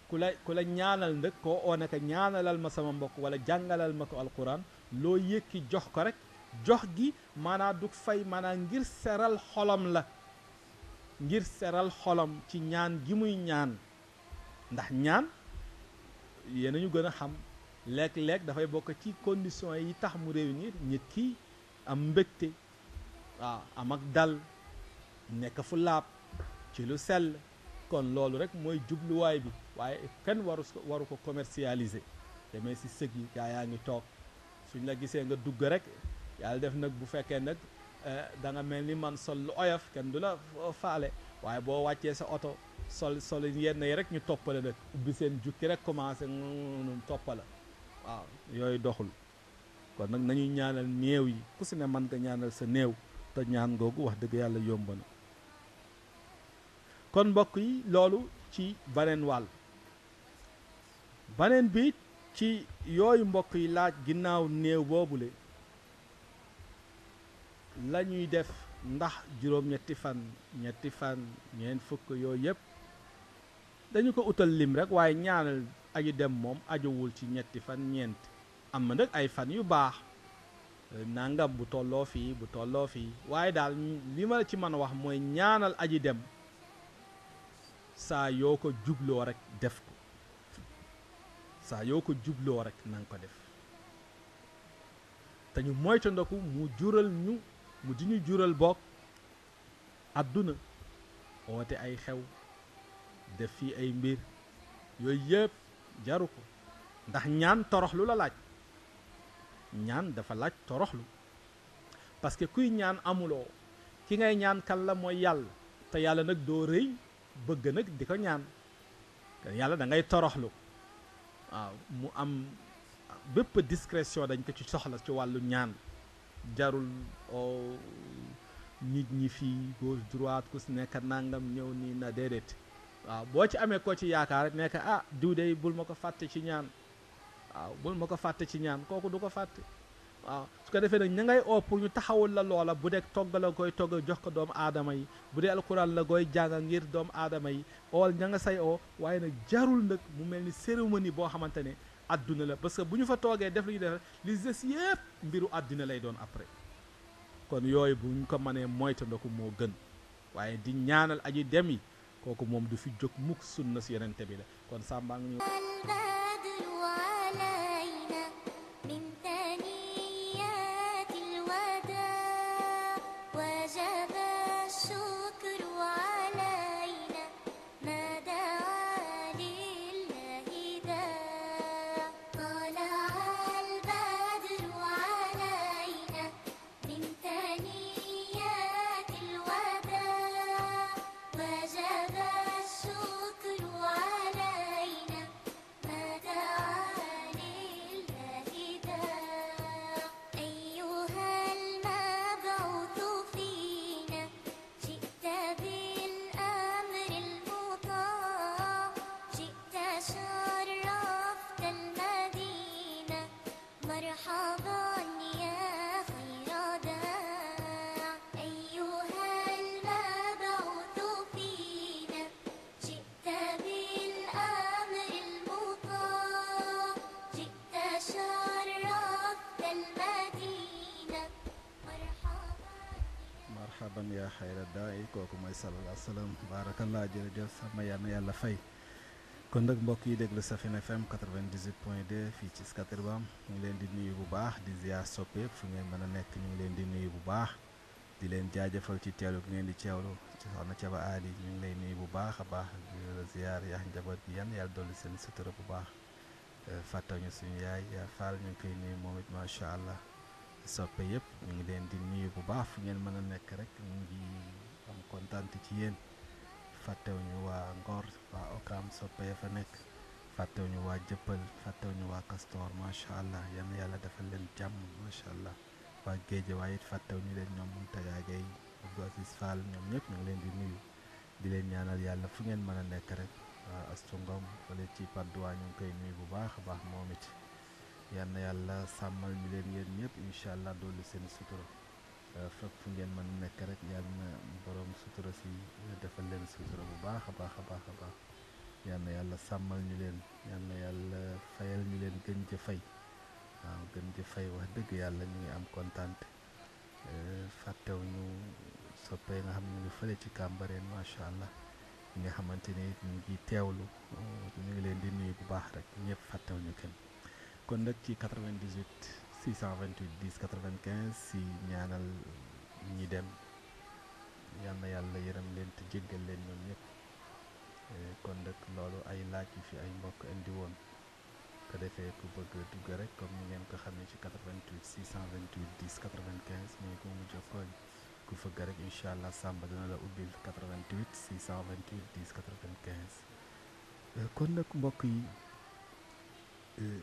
ku la ku la ñaanal ndëkk koo oo naka ñaanalal ma sama mbokk wala jàngalal ma ko alquran loo yëkki jox ko rek jox gi maanaa du fay maanaa ngir seral xolom la ngir seral xolam ci ñaan gi muy ñaan ndax ñaan yéen ñu gën a xam léeg-léeg dafay bokk ci conditions yi tax mu réunir nit ki am mbégte waaw am ak dal nekk fu laab ci lu sell kon loolu rek mooy jubluwaay bi waaye kenn waru waru ko commercialise demee si sëg yi gaa yaa ngi toog suñ la gisee nga dugg rek yàlla def nag bu fekkee nag Eh, da mel ni man sol lu oyof kenn du la faale waaye boo wàccee sa oto sol sol yenn yi rek ñu toppale la ubbi seen jukki rek commencé toppala waaw yooyu doxul kon nag nañuy ñaanal néew yi ku si ne man nga ñaanal sa néew te ñaan googu wax dëgg yàlla yomb na kon mbokk yi loolu ci baneen wàll baneen bi ci yooyu mbokk yi laaj ginnaaw néew boobule la ñuy def ndax juróom-ñetti fan ñetti fan ñeent fukk yooyu yëpp dañu ko utal lim rek waaye ñaanal aji dem moom ajowul ci ñetti fan ñeent am na nag ay fan yu baax euh, nangam bu tolloo fii bu tolloo fii waaye daal li ma ci mën a wax mooy ñaanal aji dem saa yoo ko jubloo rek def ko saa yoo ko jubloo rek nanga ko def te ñu moytandoku mu jural ñu mu di ñu jural bokk àdduna oote ay xew def fii ay mbir yooyu yëpp jaru ko ndax ñaan toroxlu la laaj ñaan dafa laaj toroxlu parce que kuy ñaan amuloo ki ngay ñaan kan la mooy yàlla te yàlla nag doo rëy bëgg nag di ko ñaan yàlla da ngay toroxlu waaw mu am bépp discrétion dañ ko ci soxla ci wàllu ñaan jarul o oh, nit ñi fii gauche droite ku si nekk nangam ñëw nii na déedéet waaw boo ci amee ko ci yaakaar rek nekk ah diw dey bul ma ko fàtte ci ñaan waaw bul ma ko fàtte ci ñaan kooku du ko fàtte waaw su ko defee nag ña ngay oo pour ñu taxawul la loola bu dee togg la koy togg jox ko doomu aadama yi bu dee alxuraan la koy jàng ngir doomu aadama yi ool ña nga say oo waaye nag jarul nag mu mel ni cérémonie boo xamante ne àdduna la parce que bu ñu fa toogee def lu ñu def li des yëpp mbiru àdduna lay doon après kon yooyu bu ñu ko mënee moytandiku moo gën waaye di ñaanal aji dem yi kooku moom du fi jóg mukk sunna si yonente bi la kon sàmbaa ngi ñu kooku mooy sallallahu alayhi wa sallam baarakallah jërëjëf sama yàlla na yàlla fay kon nag mbokk yi déglu Safin FM 98 point 2 fii ci Scat Urbam ñu ngi leen di nuyu bu baax di ziar soppeek fu ngeen mën a nekk ñu ngi leen di nuyu bu baax di leen jaajëfal ci teewlu gi ngeen di teewlu ci soxna Thiaba Ali ñu ngi lay nuyu bu baax a baax di la ziar yaa yan yàlla dolli seen sutura bu baax eh, fàttewuñu suñu yaay yaa ñu ngi koy nuyu moom it macha allah soppe yëpp ñu ngi leen di nuyu bu baax fu ngeen mën a nekk rek ñu ngi. am kontaante ci yéen fàttewuñu waa Ngor waa Okam soppe fa nekk fàttewuñu waa Jëppal fàttewuñu waa Castor macha allah yan yàlla defal leen jàmm macha allah waa Géeje waaye it fàttewuñu leen ñoom Mountaga Gueye Abdou Aziz Fall ñoom ñëpp ñu ngi leen di nuyu di leen ñaanal yàlla fu ngeen mën a nekk rek waa Astu Ngom wala ci Padoa ñu ngi koy nuyu bu baax a baax moom it yal yàlla sàmmal ñu leen yéen ñëpp incha allah dolli seen sutura. fekk ngeen mën nekk rek yàlla na borom sutura si defal leen sutura bu baax a baax a baax a baax yàlla na yàlla sàmmal ñu leen yàlla na yàlla fayal ñu leen gën ci fay waaw gën ci fay wax dëgg yàlla ñu ngi am kontaan fàttewu ñu soppe nga xam ñu ngi fële ci kàmbareen macha allah ñi nga xamante ni ñu ngi teewlu ñu ngi leen di nuyu bu baax rek ñëpp fàttewu ñu kenn kon nag ci 98. 628 10 95 si ñaanal ñi dem yal na yàlla yërëm leen te jéggal leen ñoom ñëpp eh, kon nag loolu ay laaj yu fi ay mbokk indi woon ko defee ku bëgg a dugg rek comme ni ngeen ko xamee ci 88 628 10 95 mooy ko mujj koñ ku fëgg rek incha allah sàmba dina la ubbil 88 628 10 95 kon nag mbokk yi eh,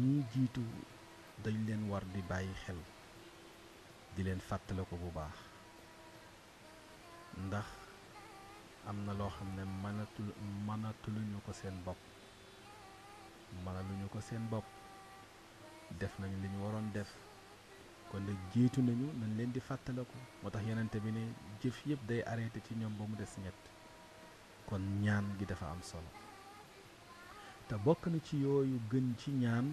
ñii jiitu. dañu leen war di bàyyi xel di leen fàttale ko bu baax ndax am na loo xam ne mënatul mënatuluñu ko seen bopp mënaluñu ko seen bopp def nañu li ñu waroon def kon nag jiitu nañu nañ leen di fàttale moo tax yenente bi ne jëf yëpp day arrêté ci ñoom ba mu des ñett kon ñaan gi dafa am solo te bokk na ci yooyu gën ci ñaan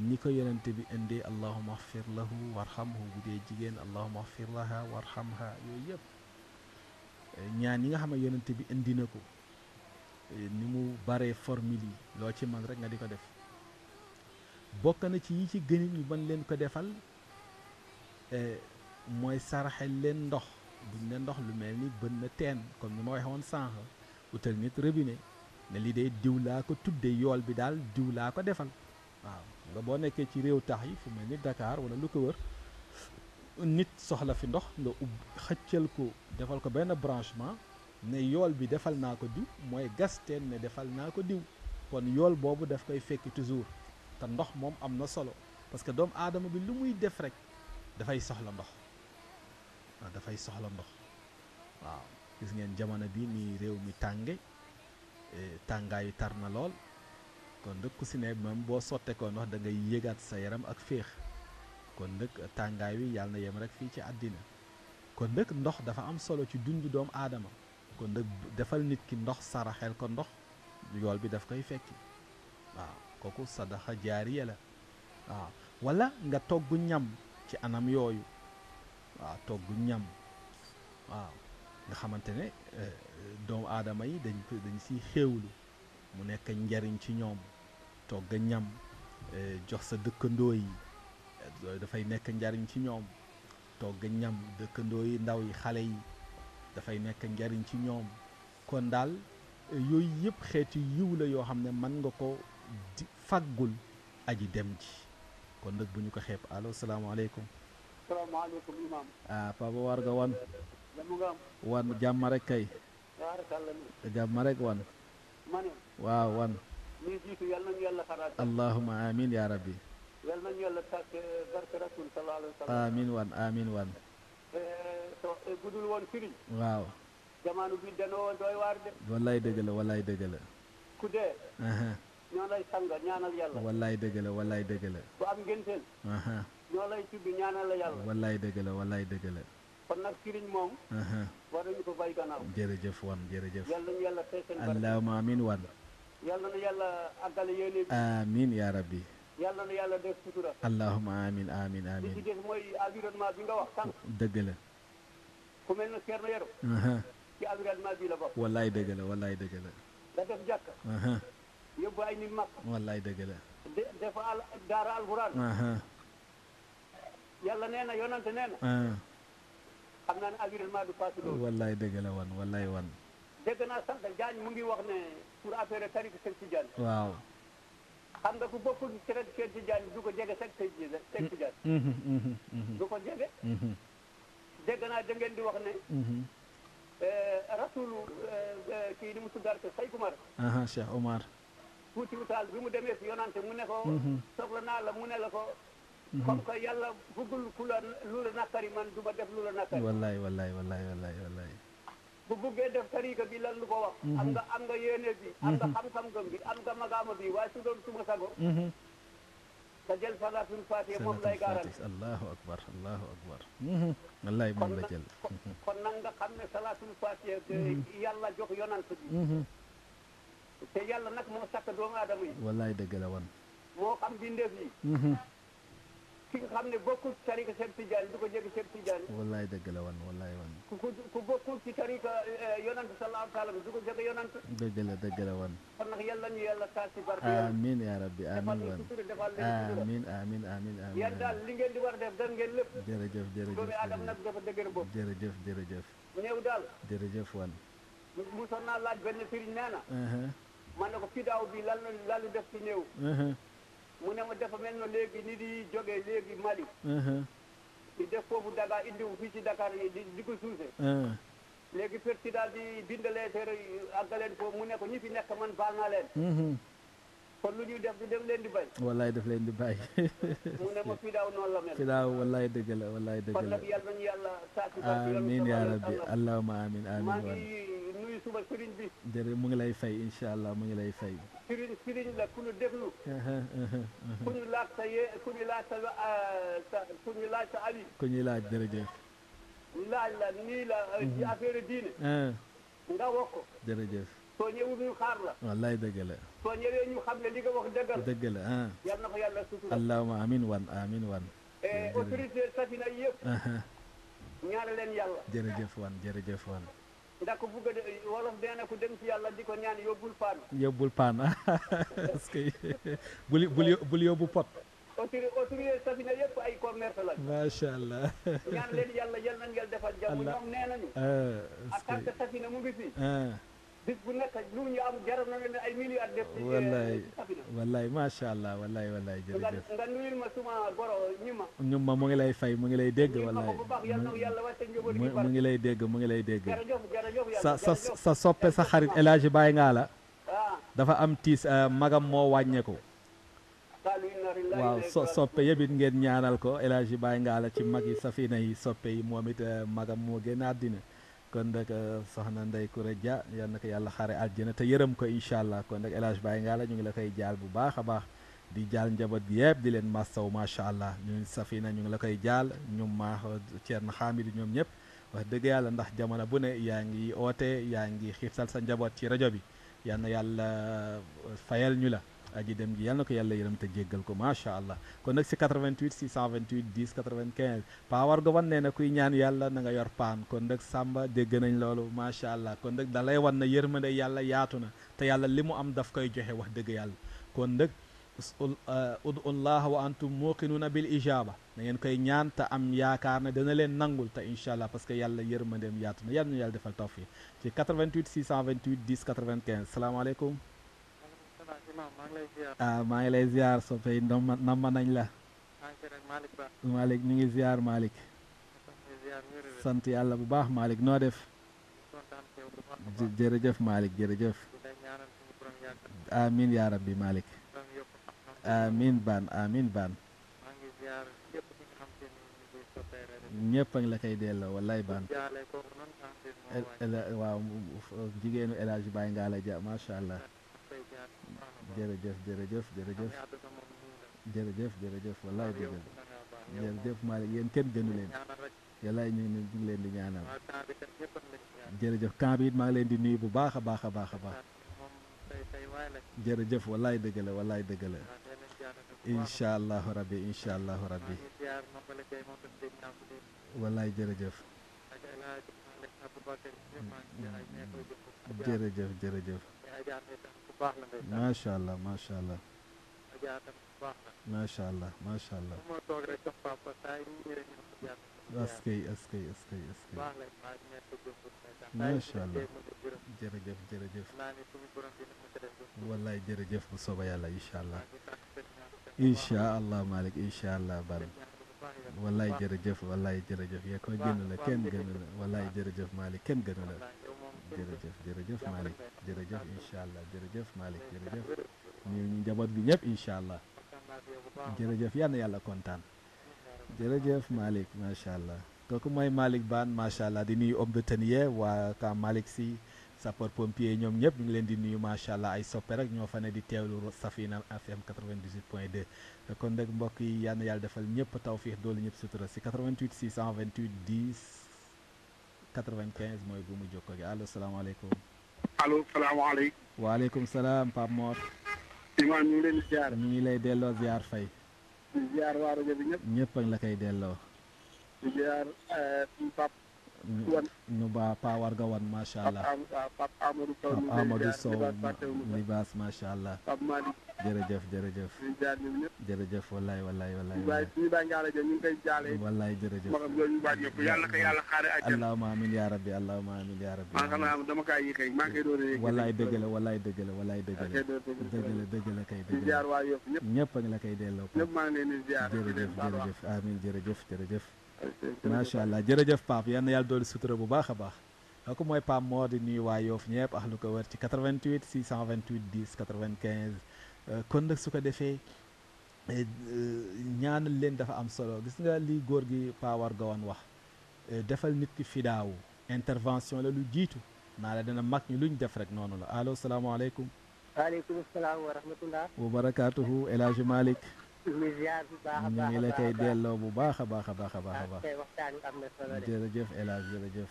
ñi ko yonente bi indee allahuma axfir lahu warhamhu bu dee jigéen allahuma axfir laha warhamha yooyu yépp ñaan yi nga xam ne yonente bi indi na ko ni mu baree formule yi loo ci man rek nga di ko def bokk na ci yi ci gënit ñu ban leen ko defal e, mooy saraxe leen ndox buñ ne ndox lu mel ni bën na teen comme ni ma waxe woon sànq utal nit robinet ne li dee diw laa ko tudde yool bi daal diw laa ko defal waaw nga boo nekkee ci réew tax yi fu mel ni dakaar wala lu ko wër nit soxla fi ndox nga ub xëccal ko defal ko benn branchement ne yool bi defal naa ko diw mooy gasteen ne defal naa ko diw kon yool boobu daf koy fekki toujours te ndox moom am na solo parce que doomu aadama bi lu muy def rek dafay soxla ndox waaw ah, dafay soxla ndox waaw gis ngeen jamono bi nii réew mi tànge eh, tàngaayu tar na lool kon nag ku si ne même boo sotteekoo ndox da ngay yëgaat sa yaram ak féex kon nag tàngaay wi yàlla na yem rek fii ci àddina kon nag ndox dafa am solo ci dund doomu aadama kon nag defal nit ki ndox sara xel ko ndox yool bi daf koy fekki waaw kooku sadaxa jaariya la waaw wala nga togg ñam ci anam yooyu waaw togg ñam waaw nga xamante ne eh, doomu aadama yi dañ dañ siy xéewlu mu nekk njariñ ci ñoom togg ñam eh, jox sa dëkkandoo yi dafay nekk njariñ ci ñoom togg ñam dëkkandoo yi ndaw yi xale yi dafay nekk njariñ ci ñoom kon daal eh, yooyu yëpp xeeti yiw la yoo xam ne mën nga ko di faggul aji dem ji kon nag bu ñu ko xeeb allo salaamaaleykum. salaamaaleykum imaam. ah Papa war nga wan. wan jàmm rek kay. jàmm rek wan. waaw wan. ñuy jiitu yal nañu yàlla xaraat allahuma amin ya rabbi yàlla tàkk barke rasul amin wan amin wan eh, so eh, woon sëriñ waaw jamaanu bi danoo dooy waar de wallaay dëgg wallaay dëgg ku dee ñoo lay sanga ñaanal yàlla wallaay dëgg wallaay dëgg kon nag sëriñ moom war nañu ko bay gannaaw jërëjëf wan jërëjëf yal nañu yàlla teeseen allahuma amin wan yàlla na yàlla àggale yéene amiin yaa rabbi yàlla na yàlla def sutura allahuma amin amin amin li ci mooy environnement bi nga wax sànq dëgg ku mel na Thierno Yero uh-huh. ci environnement bi la bokk wallaay def jàkk uh-huh. yóbbu ay nit mag wallaay dëgg la dafa al daara alxuraan uh-huh. yàlla nee na dégg naa sànq Diagne mu ngi wax ne pour affaire tariq Cheikh Tidiane. waaw. xam nga ku bokkul tariq Cheikh Tidiane du ko jege Cheikh Tidiane. Mm-hmm, mm-hmm, mm-hmm. du ko jege. dégg naa da ngeen di wax ne. Eh, rasulu eh, eh, kii ni mu tuddaat Cheikh Omar. Cheikh Omar. tuuti taal bi mu demee si yonante mu ne ko. soxla naa la mu ne la ko. comme ko yàlla bëggul ku la lu la naqari man du ma def lu la naqari. wallaay wallaay wallaay wallaay bu buggee def tariika bi lan lu ko wax mhm. am nga am nga yéene bi am nga mhm. xam-xam gëm bi am nga magaama bi waaye su doon suma sago te mhm. jël salaatul faatiha moom lay gaaral allahu akbar allahu akbar wallaay moom la jël kon nag nga xam ne salaatul faatiha yàlla jox yonant bi te yàlla nag moo sàkk doomu aadama yi wallaay dëgg la moo xam bindeef yi ki nga xam ne bokkul ci tarika Cheikh Tidiane du ko jéggi Cheikh Tidiane wallaay dëgg la wan wallaay wan ku ku bokkul ci tarika eh, yonant sallallahu alayhi wa sallam du ko jéggi la dëgg la wan kon nag yàlla ñu yàlla taas ci barke amin ya rabbi amin wan amin amin amin amin yéen daal li ngeen di war def def ngeen lépp jërëjëf jërëjëf doomi adam nag dafa dëgër bopp jërëjëf jërëjëf mu ñëw daal jërëjëf wan mu sonn naa mu ne ma dafa mel na léegi nit yi jógee léegi Mali uh-huh. di def foofu Dakar indi fii ci Dakar di di ko suuse uh-huh. léegi président daal di bind leetar àggaleen foofu mu ne ko ñi fi nekk man baal naa kon lu ñuy def du def leen di bàyyi wallaay daf leen di bàyyi mu ne ma fidaaw noonu la mel fidaaw wallaay dëgg la wallaay dëgg la kon nag yàlla nañu yàlla saaki amin yaa rabbi allahuma amin amin maa ngi nuyu suba sëriñ bi jërëjëf mu ngi lay fay incha allah mu ngi lay fay sëriñ sëriñ la ku ñu déglu ku ñu laaj sa yee ku ñu laaj ah, sa ku ñu laaj sa ali ku ñu laaj jërëjëf laaj la nii la ci affaire diine nga wax ko jërëjëf soo ñëwul ñu xaar la wallaay dëgg la soo ñëwee ñu xam ne li wax dëgg la dëgg la ah. ko yàlla sutura allahuma amin wan amin wan eh, autorité safina yi ñaana leen yàlla jërëjëf wan jërëjëf wan ndax ku wolof nee na ku dem ci yàlla di ko ñaan yóbbul paan yóbbul paan ah. bul bul pot autorité autorité safina yëpp ay commerce la macha allah leen yàlla yal nañ ngeen defal jàmm ñoom nee nañu ah, en tant safina mu ngi fi bis bu nekk lu ñu am jaral eh, allah wallaay wallaay nga nuyul ma suma goro ñu ma mu ngi lay fay mu ngi lay dégg wallaay mu ngi lay dégg mu ngi lay dégg sa sa soppe sa xarit El Hadji ngaa la ah. dafa am tiis eh, magam moo wàññeeku waaw so soppe yëpp it ngeen ñaanal ko El Hadji Baye ngaa la ci mag yi safina yi soppe yi moom it eh, magam moo génn àddina kon nag euh, soxna ndey Koura Dia yan na ko yàlla xare aljana te yërëm ko incha allah kon nag El Hadj Baye Ngalla ñu ngi la koy jaal bu baax a baax di jaal njaboot gi yëpp di leen massaw macha allah ñun Safina ñu ngi la koy jaal ñoom ma Thierno Hamidou ñoom ñëpp wax dëgg yàlla ndax jamono bu ne yaa ngi oote yaa ngi xiiftal sa njaboot ci rajo bi yal na yàlla euh, fayal ñu la. aji dem ji yal na ko yàlla yërëm te jéggal ko macha allah kon nag si 88 628 10 95 paa war go wan nee na kuy ñaan yàlla na nga yor paan ko nag sàmba dégg nañ loolu macha allah kon nag dalay wan na yërmande yàlla yaatu na te yàlla li mu am daf koy joxe wax dëgg yàlla kon nag uh, udu allah wa antum muqinuuna bil ijaba na ngeen koy ñaan te am yaakaar ne dana leen nangul te incha allah parce que yàlla yërmandeem yaatu na yàlla na yàlla defal tawfiq ci 88 628 10 95 salaamaaleykum waaw ah, maa ngi lay ziar soppe yi nam nam nañ la Malick ñu ngi ziar Malick sant yàlla bu baax Malick noo def jërëjëf Malick jërëjëf amin yaa rabbi Malick amin baan amin baan ñëpp a ngi la koy delloo wallaay baan waaw jigéenu El Hadj Baye ngaa la ja macha allah jërëjëf jërëjëf jërëjëf jërëjëf jërëjëf wallaay dëgg la jërëjëf Malick yéen kenn gënu leen yàllaay ñu ngi leen di ñaanal jërëjëf camp bi it maa ngi leen di nuy bu baax baax baax a baax jërëjëf wallaay dëgg la wallaay dëgg la incha allahu rabbi incha allahu rabbi wallaay jërëjëf jërëjëf jërëjëf macha allah macha allah macha allah macha allah askay askay askay askay macha allah jërëjëf jërëjëf wallaay bu sooba yàlla incha allah incha allah Malick incha Bal wallaay jërëjëf wallaay jërëjëf yee ko génn la kenn gën la wallaay jërëjëf Malick kenn gën la jërëjëf jërëjëf Malick jërëjëf incha allah jërëjëf malik jërëjëf ñu njaboot bi ñëpp incha allah jërëjëf yal yàlla kontaan jërëjëf Malick macha allah kooku mooy Malick Baan macha allah di nuyu homme de waa ka Malick si sapeur pompier ñoom ñëpp ñu ngi leen di nuyu macha allah ay soppe rek ñoo fa ne di teewlu Safina FM 98 point 2 kon nag mbokk yi yal na yàlla defal ñëpp tawfiix doolu ñëpp sutura si 88 628 10 95 mooy bu mu jokkoo gi allo salaamaaleykum. allo salaamaaleykum. waaleykum salaam Pape Mor. imaam ñu ngi leen di ziar. ñu ngi lay delloo ziar fay. di ziar waa rajo bi ñëpp. ñëpp a la koy delloo. di ziar euh, Pape no mbawa ga wan machallah uh, pape amadou sow libas machallah jërëjëf jërëjëf jërëjëf wallay wallay wallay wallay jërëjëf allahuma amin ya rabbi allahuma amin ya rabbi wallay dëgg la wallay dëgg la wallay dëgg la dëgg la dëgg la kay dëgg la ñëpp a ngi la koy delloo jërëjëf jërëjëf amin jërëjëf jërëjëf macha allah jërëjëf Pape yal na yàlla doolu sutura bu baax a baax ko mooy Pape Mor di nuyu waa Yoof ñëpp ak lu ko wër ci 88 628 10 95 kon nag su ko defee euh, euh, ñaanal leen dafa am solo gis nga lii góor gi paawar war wax euh, defal nit ki intervention la lu jiitu naa la dina mag ñi luñ def rek noonu la allo salaamaaleykum. waaleykum salaam wa rahmatulah. wa barakaatuhu El Hadj ñu ngi la koy delloo bu baax a baax baax a baax a baax jërëjëf El Hadj jërëjëf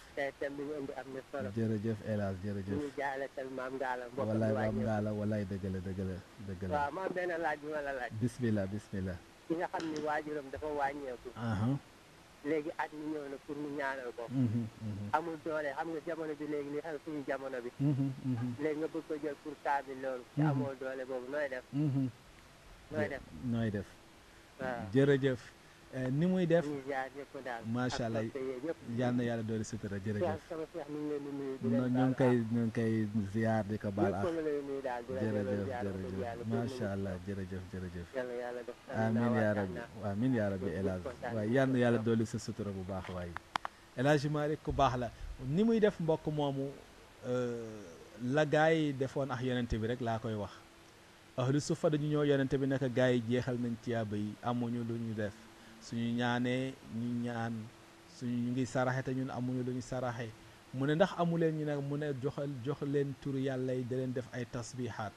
jërëjëf El Hadj jërëjëf walaay maam ngaala walaay dëgg la dëgg la dëgg la waaw ma am benn laaj bu ma la laaj bismillah bismillah ki nga xam ni waajuram dafa wàññeeku léegi at mi ñëw na pour ñu ñaanal ko mhm, mhm. amul doole xam nga jamono bi léegi li xew suñu jamono bi mhm, léegi nga bëgg ko jël pour taabil loolu te amoo doole boobu nooy def نوي ديف جيرهجيف ني موي ديف ما شاء الله يالنا يالا دوري ستره جيرهجيف نون كاي نون كاي زيار ديكو بالا جيرهجيف جيرهجيف ما شاء الله جيرهجيف جيرهجيف امين يا رب امين يا رب الاز وا يالنا يالا دوري ستره بو باخ واي الاج مالك كو باخ لا ني موي ديف مبوك مومو آه، لا غاي ديفون اخ يونتي بي رك لا كوي واخ ahlu sufa dañu ñoo yonente bi nekk gaay yi jeexal nañ tiyaaba yi amuñu lu ñu def suñu ñaanee ñu ñaan suñu ñu ngi saraxe te ñun amuñu lu ñu saraxe mu ne ndax amuleen ñu nag mu ne joxal jox leen tur yàlla yi leen def ay tasbihaat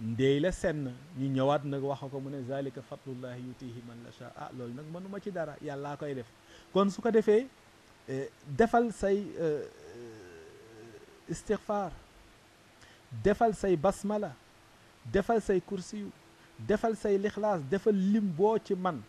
ndéy la senn ñu ñëwaat nag wax ko mu ne zalika fadlullahi yutihi man la sha ah loolu nag mënuma ci dara yàlla koy def kon su ko defee defal say istighfar defal say basmala defal say kursiyu defal say lixlaas defal lim boo ci man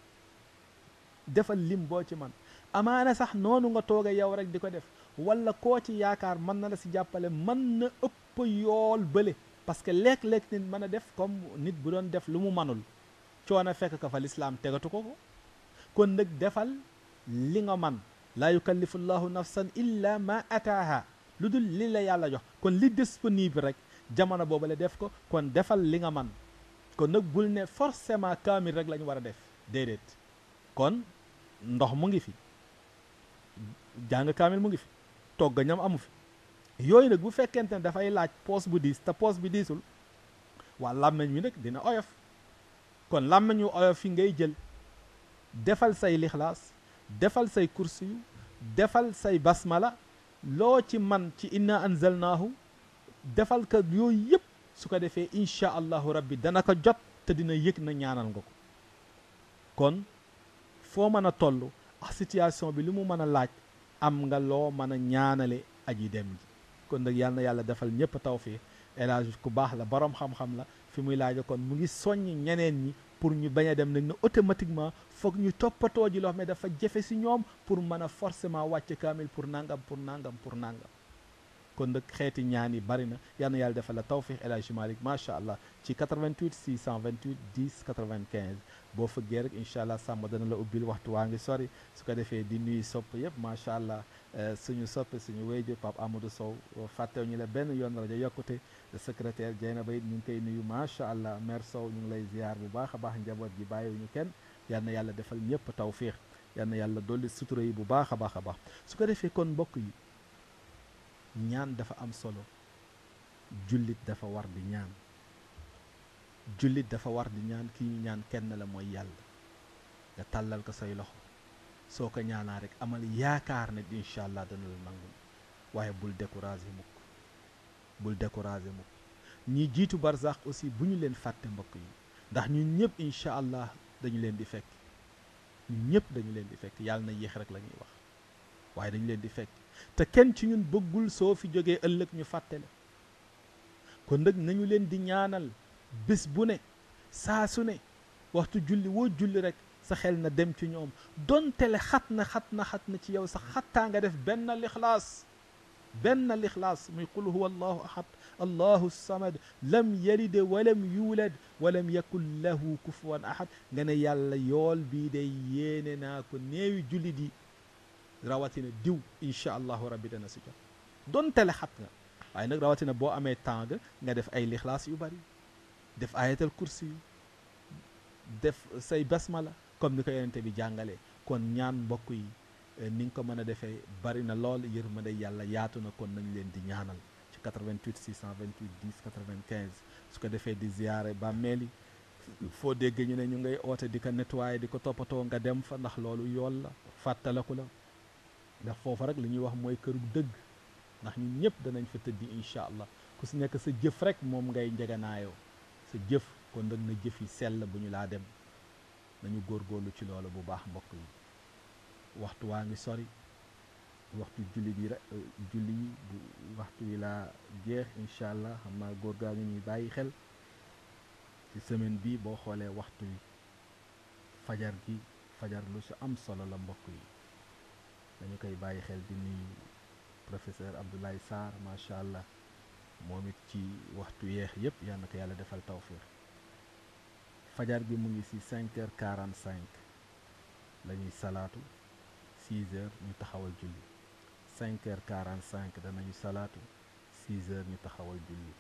defal lim boo ci man amaana sax noonu nga tooga yow rek di ko def wala koo ci yaakaar mën na la si jàppale mën na ëpp yool bële parce que léeg-léeg nit mën def comme nit bu doon def lu manul coono fekk ko fa lislaam tegatu ko ko kon nag defal li nga man laa yukallifu llahu nafsan illa ma ataaha ludul dul li la yàlla jox kon li disponible rek jamono boobu la def ko kon defal li nga man kon nag bul ne forcément kaamil rek la ñu war a def déedéet kon ndox mu ngi fi jàng kaamil mu ngi fi togg ñam amu fi yooyu nag bu fekkente ne dafay laaj poos bu diis te poos bi diisul waa làmmeñ wi nag dina oyof kon làmmeñ wu oyof fi ngay jël defal say lixlaas defal say kursiyu defal say basmala loo ci man ci inna anzalnaahu defal ko yooyu yëpp su ko defee incha allahu rabbi dana ko jot te dina yëg na ñaanal nga ko kon foo mën a toll ak situation bi li mu mën a laaj am nga loo mën a ñaanale aji dem ji kon nag yàlla yàlla defal ñëpp tawfiix elage ku baax la borom xam-xam la fi muy laaja kon mu ngi soññ ñeneen ñi pour ñu bañ a dem nag ne automatiquement foog ñu toppatoo ji loo xam ne dafa jafe si ñoom pour mën a forcément wàcc kaamil pour nangam pour nangam pour nangam kon nak xéti ñaan yi bari na yalla yàlla defal la ila El Hadji Malick macha allah ci 88 628 10 95 boo fëggee rek inshallah sam sàmm dana la ubbil waxtu wa nga sori su ko defé di nuyu sopp yëpp sha allah suñu sop suñu wéjë pap Amadou Sow faté ñu la ben yoon radio rajo le secrétaire Dieynaba it ñu ngi koy nuyu sha allah mère Sow ñu lay ziar bu baaxa baax njabot gi bayiw ñu kenn yalla yàlla defal ñëpp tawfiix yalla yàlla doli sutura yi bu baaxa baaxa baax su ko defé kon mbokk yi ñaan dafa am solo jullit dafa war di ñaan jullit dafa war di ñaan ki ñu ñaan kenn la mooy yàlla nga tàllal ko say loxo soo ko ñaanaa rek amal yaakaar ne incha allah dana la nangu waaye bul découragé mukk bul découragé mukk ñi jiitu barzax aussi bu ñu leen fàtte mbokk yi ndax ñun ñëpp incha allah dañu leen di fekk ñun ñëpp dañu leen di fekk yàlla na yéex rek la ñuy wax waaye dañu leen di fekk te kenn ci ñun bëggul soo fi jógee ëllëg ñu fàtte la kon nag nañu leen di ñaanal bis bu ne saa su ne waxtu julli woo julli rek sa xel na dem ci ñoom donte le xat na xat na xat na ci yow sa xattaa nga def benn lixlaas benn lixlaas muy qul huwa allahu ahad allahu samad lam yalide walam yuulad walam yakun lahu kufuwan ahad nga ne yàlla yool bii day yéene naa ko néewi julli di rawatina diw incha allahu rabbi dana si don tele le xat nga waaye nag rawatina boo amee temps nga nga def ay lixlaas yu bari def ayatal kursi yu def say basmala comme ni ko yonente bi jàngalee kon ñaan mbokk yi ni nga ko mën a defee bari na lool yërmande yàlla yaatu na kon nañ leen di ñaanal ci 88 628 10 95 su ko defee di ziare ba yi foo dégg ñu ne ñu ngay oote di ko nettoyer di ko toppatoo nga dem fa ndax loolu yool la fàttaliku la ndax foofa rek li ñuy wax mooy këru dëgg ndax ñun ñëpp danañ fa tëddi incha allah ku si nekk sa jëf rek moom ngay njeganaayoo sa jëf kon nag na jëf yi sell bu ñu laa dem nañu góorgóorlu ci loolu bu baax mbokk yi waxtu waa ngi sori waxtu julli bi julli yi bu waxtu wi laa jeex incha allah xam naa góor gaa ngi ñuy bàyyi xel ci semaine bi boo xoolee waxtu wi fajar gi fajar lu si am solo la mbokk yi dañu koy bàyyi xel di nuyu professeur Abdoulaye Sarr macha allah moom it ci waxtu yeex yépp yàlla naka yàlla defal tawfiq fajar bi mu ngi ci 5 heures 45 lañuy la ñuy salaatu six heures ñu taxawal julli 5 heures 45 cinq danañu salaatu 6 heures ñu taxawal julli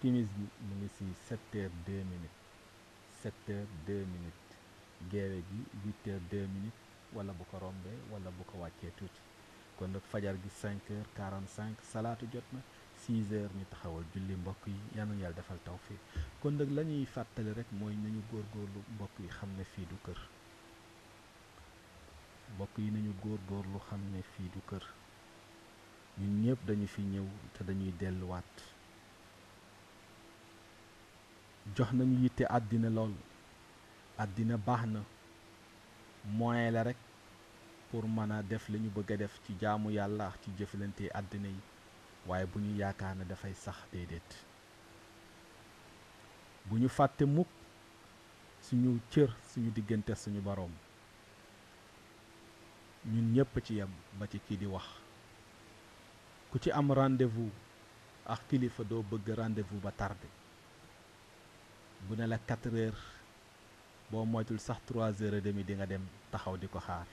timis bi mu ngi ci 7 heures 2 minutes 7 heures 2 minutes geewe gi 8 heures 2 minutes wala bu ko rombee wala bu ko wàccee tuuti kon fajar gi 5 heures 45 salaatu jot na 6 heures ñu taxawal julli mbokk yi yal nañu defal taw fii kon nag la fàttali rek mooy nañu góorgóorlu mbokk yi xam ne fii du kër mbokk yi nañu góorgóorlu xam ne fii du kër ñun dañu fi ñëw te dañuy delluwaat jox nañu yitte àddina lool àddina baax na moyen la rek pour mën a def lañu ñu bëgg a def ci jaamu yàlla ci jëflante àddina yi waaye bu ñu yaakaar ne dafay sax déedéet bu ñu fàtte mukk suñu cër suñu diggante suñu boroom ñun ñépp ci yem ba ci kii di wax ku ci am rendez-vous ak kilifa doo bëgg rendez-vous ba tardé bu ne la quatre heures boo moytul sax trois heures et demi di nga dem taxaw di ko xaar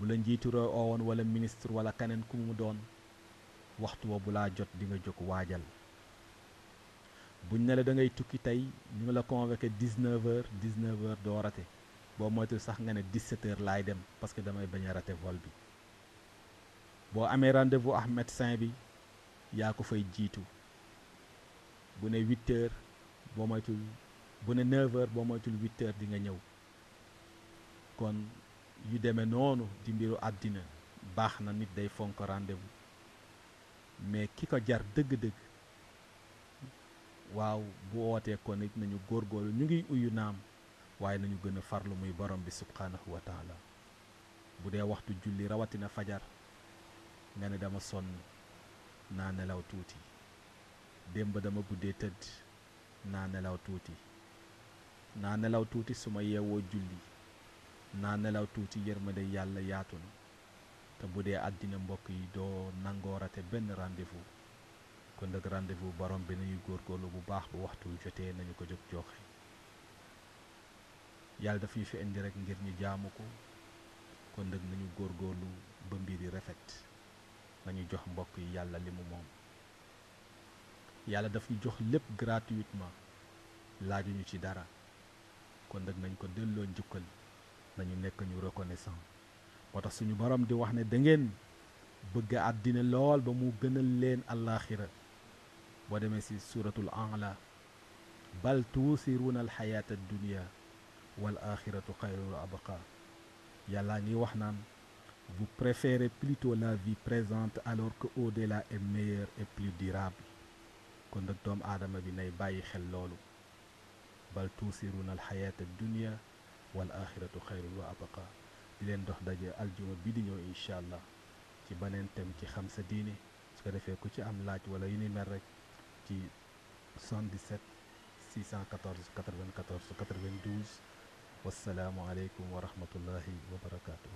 bu la njiitu réew oowoon wala ministre wala keneen ku mu doon waxtu wa bu laa jot di nga jóg waajal buñ ne la da ngay tukki tey ñu ngi la convoqué 19 heures 19 heures doo rate boo moytul sax nga ne 17 heures laay dem parce que damay bañ a rate vol bi boo amee rendez-vous ak médecin bi yaa ko fay jiitu bu ne 8 boo moytul bu ne 9 boo moytul 8 heures di nga ñëw kon yu demee noonu di mbiru àddina baax na nit day fonk rendez-vous mais ki ko jar dëgg-dëgg waaw bu wootee ko nit nañu góorgóorlu ñu ngi uyu naam waaye nañu gën a farlu muy borom bi subhaanahu wa taala bu dee waxtu julli rawatina fajar nga ne dama sonn naa nelaw tuuti démb dama guddee tëdd naa nelaw tuuti naa nelaw tuuti su ma yeewoo julli naa nelaw tuuti yërmande yàlla yaatu na te bu dee àddina mbokk yi doo nangoo rate benn rendez-vous kon nag rendez-vous borom bi góor góorgóorlu bu baax bu waxtu jotee nañu ko jóg joxe yàlla daf ñu fi indi rek ngir ñu jaamu ko kon nag nañu góorlu ba mbir yi rafet nañu jox mbokk yi yàlla li mu moom yàlla daf ñu jox lépp gratuitement laajuñu ci dara kon nag nañ ko delloo njukkal. nañu nekk ñu reconnaissant moo tax suñu borom di wax ne da ngeen bëgg àddina lool ba mu gënal leen àllaaxira boo demee si suratul anla bal tuusiruuna alxayaata dunia wal axiratu xayrul abqa yàlla ngi wax naan vous préférez plutôt la vie présente alors que au-delà est meilleur et plus durable kon nag doom aadama bi nay bàyyi xel loolu bal tuusiruuna alxayaata dunia wal axiratu xayrun wa abqa di leen dox daje aljuma bi di ñëw incha allah ci beneen thème ci xam sa diine su ko defee ku ci am laaj wala yu ni rek ci 77 614 94 92 wassalaamu aleykum wa rahmatullahi wa barakaatu.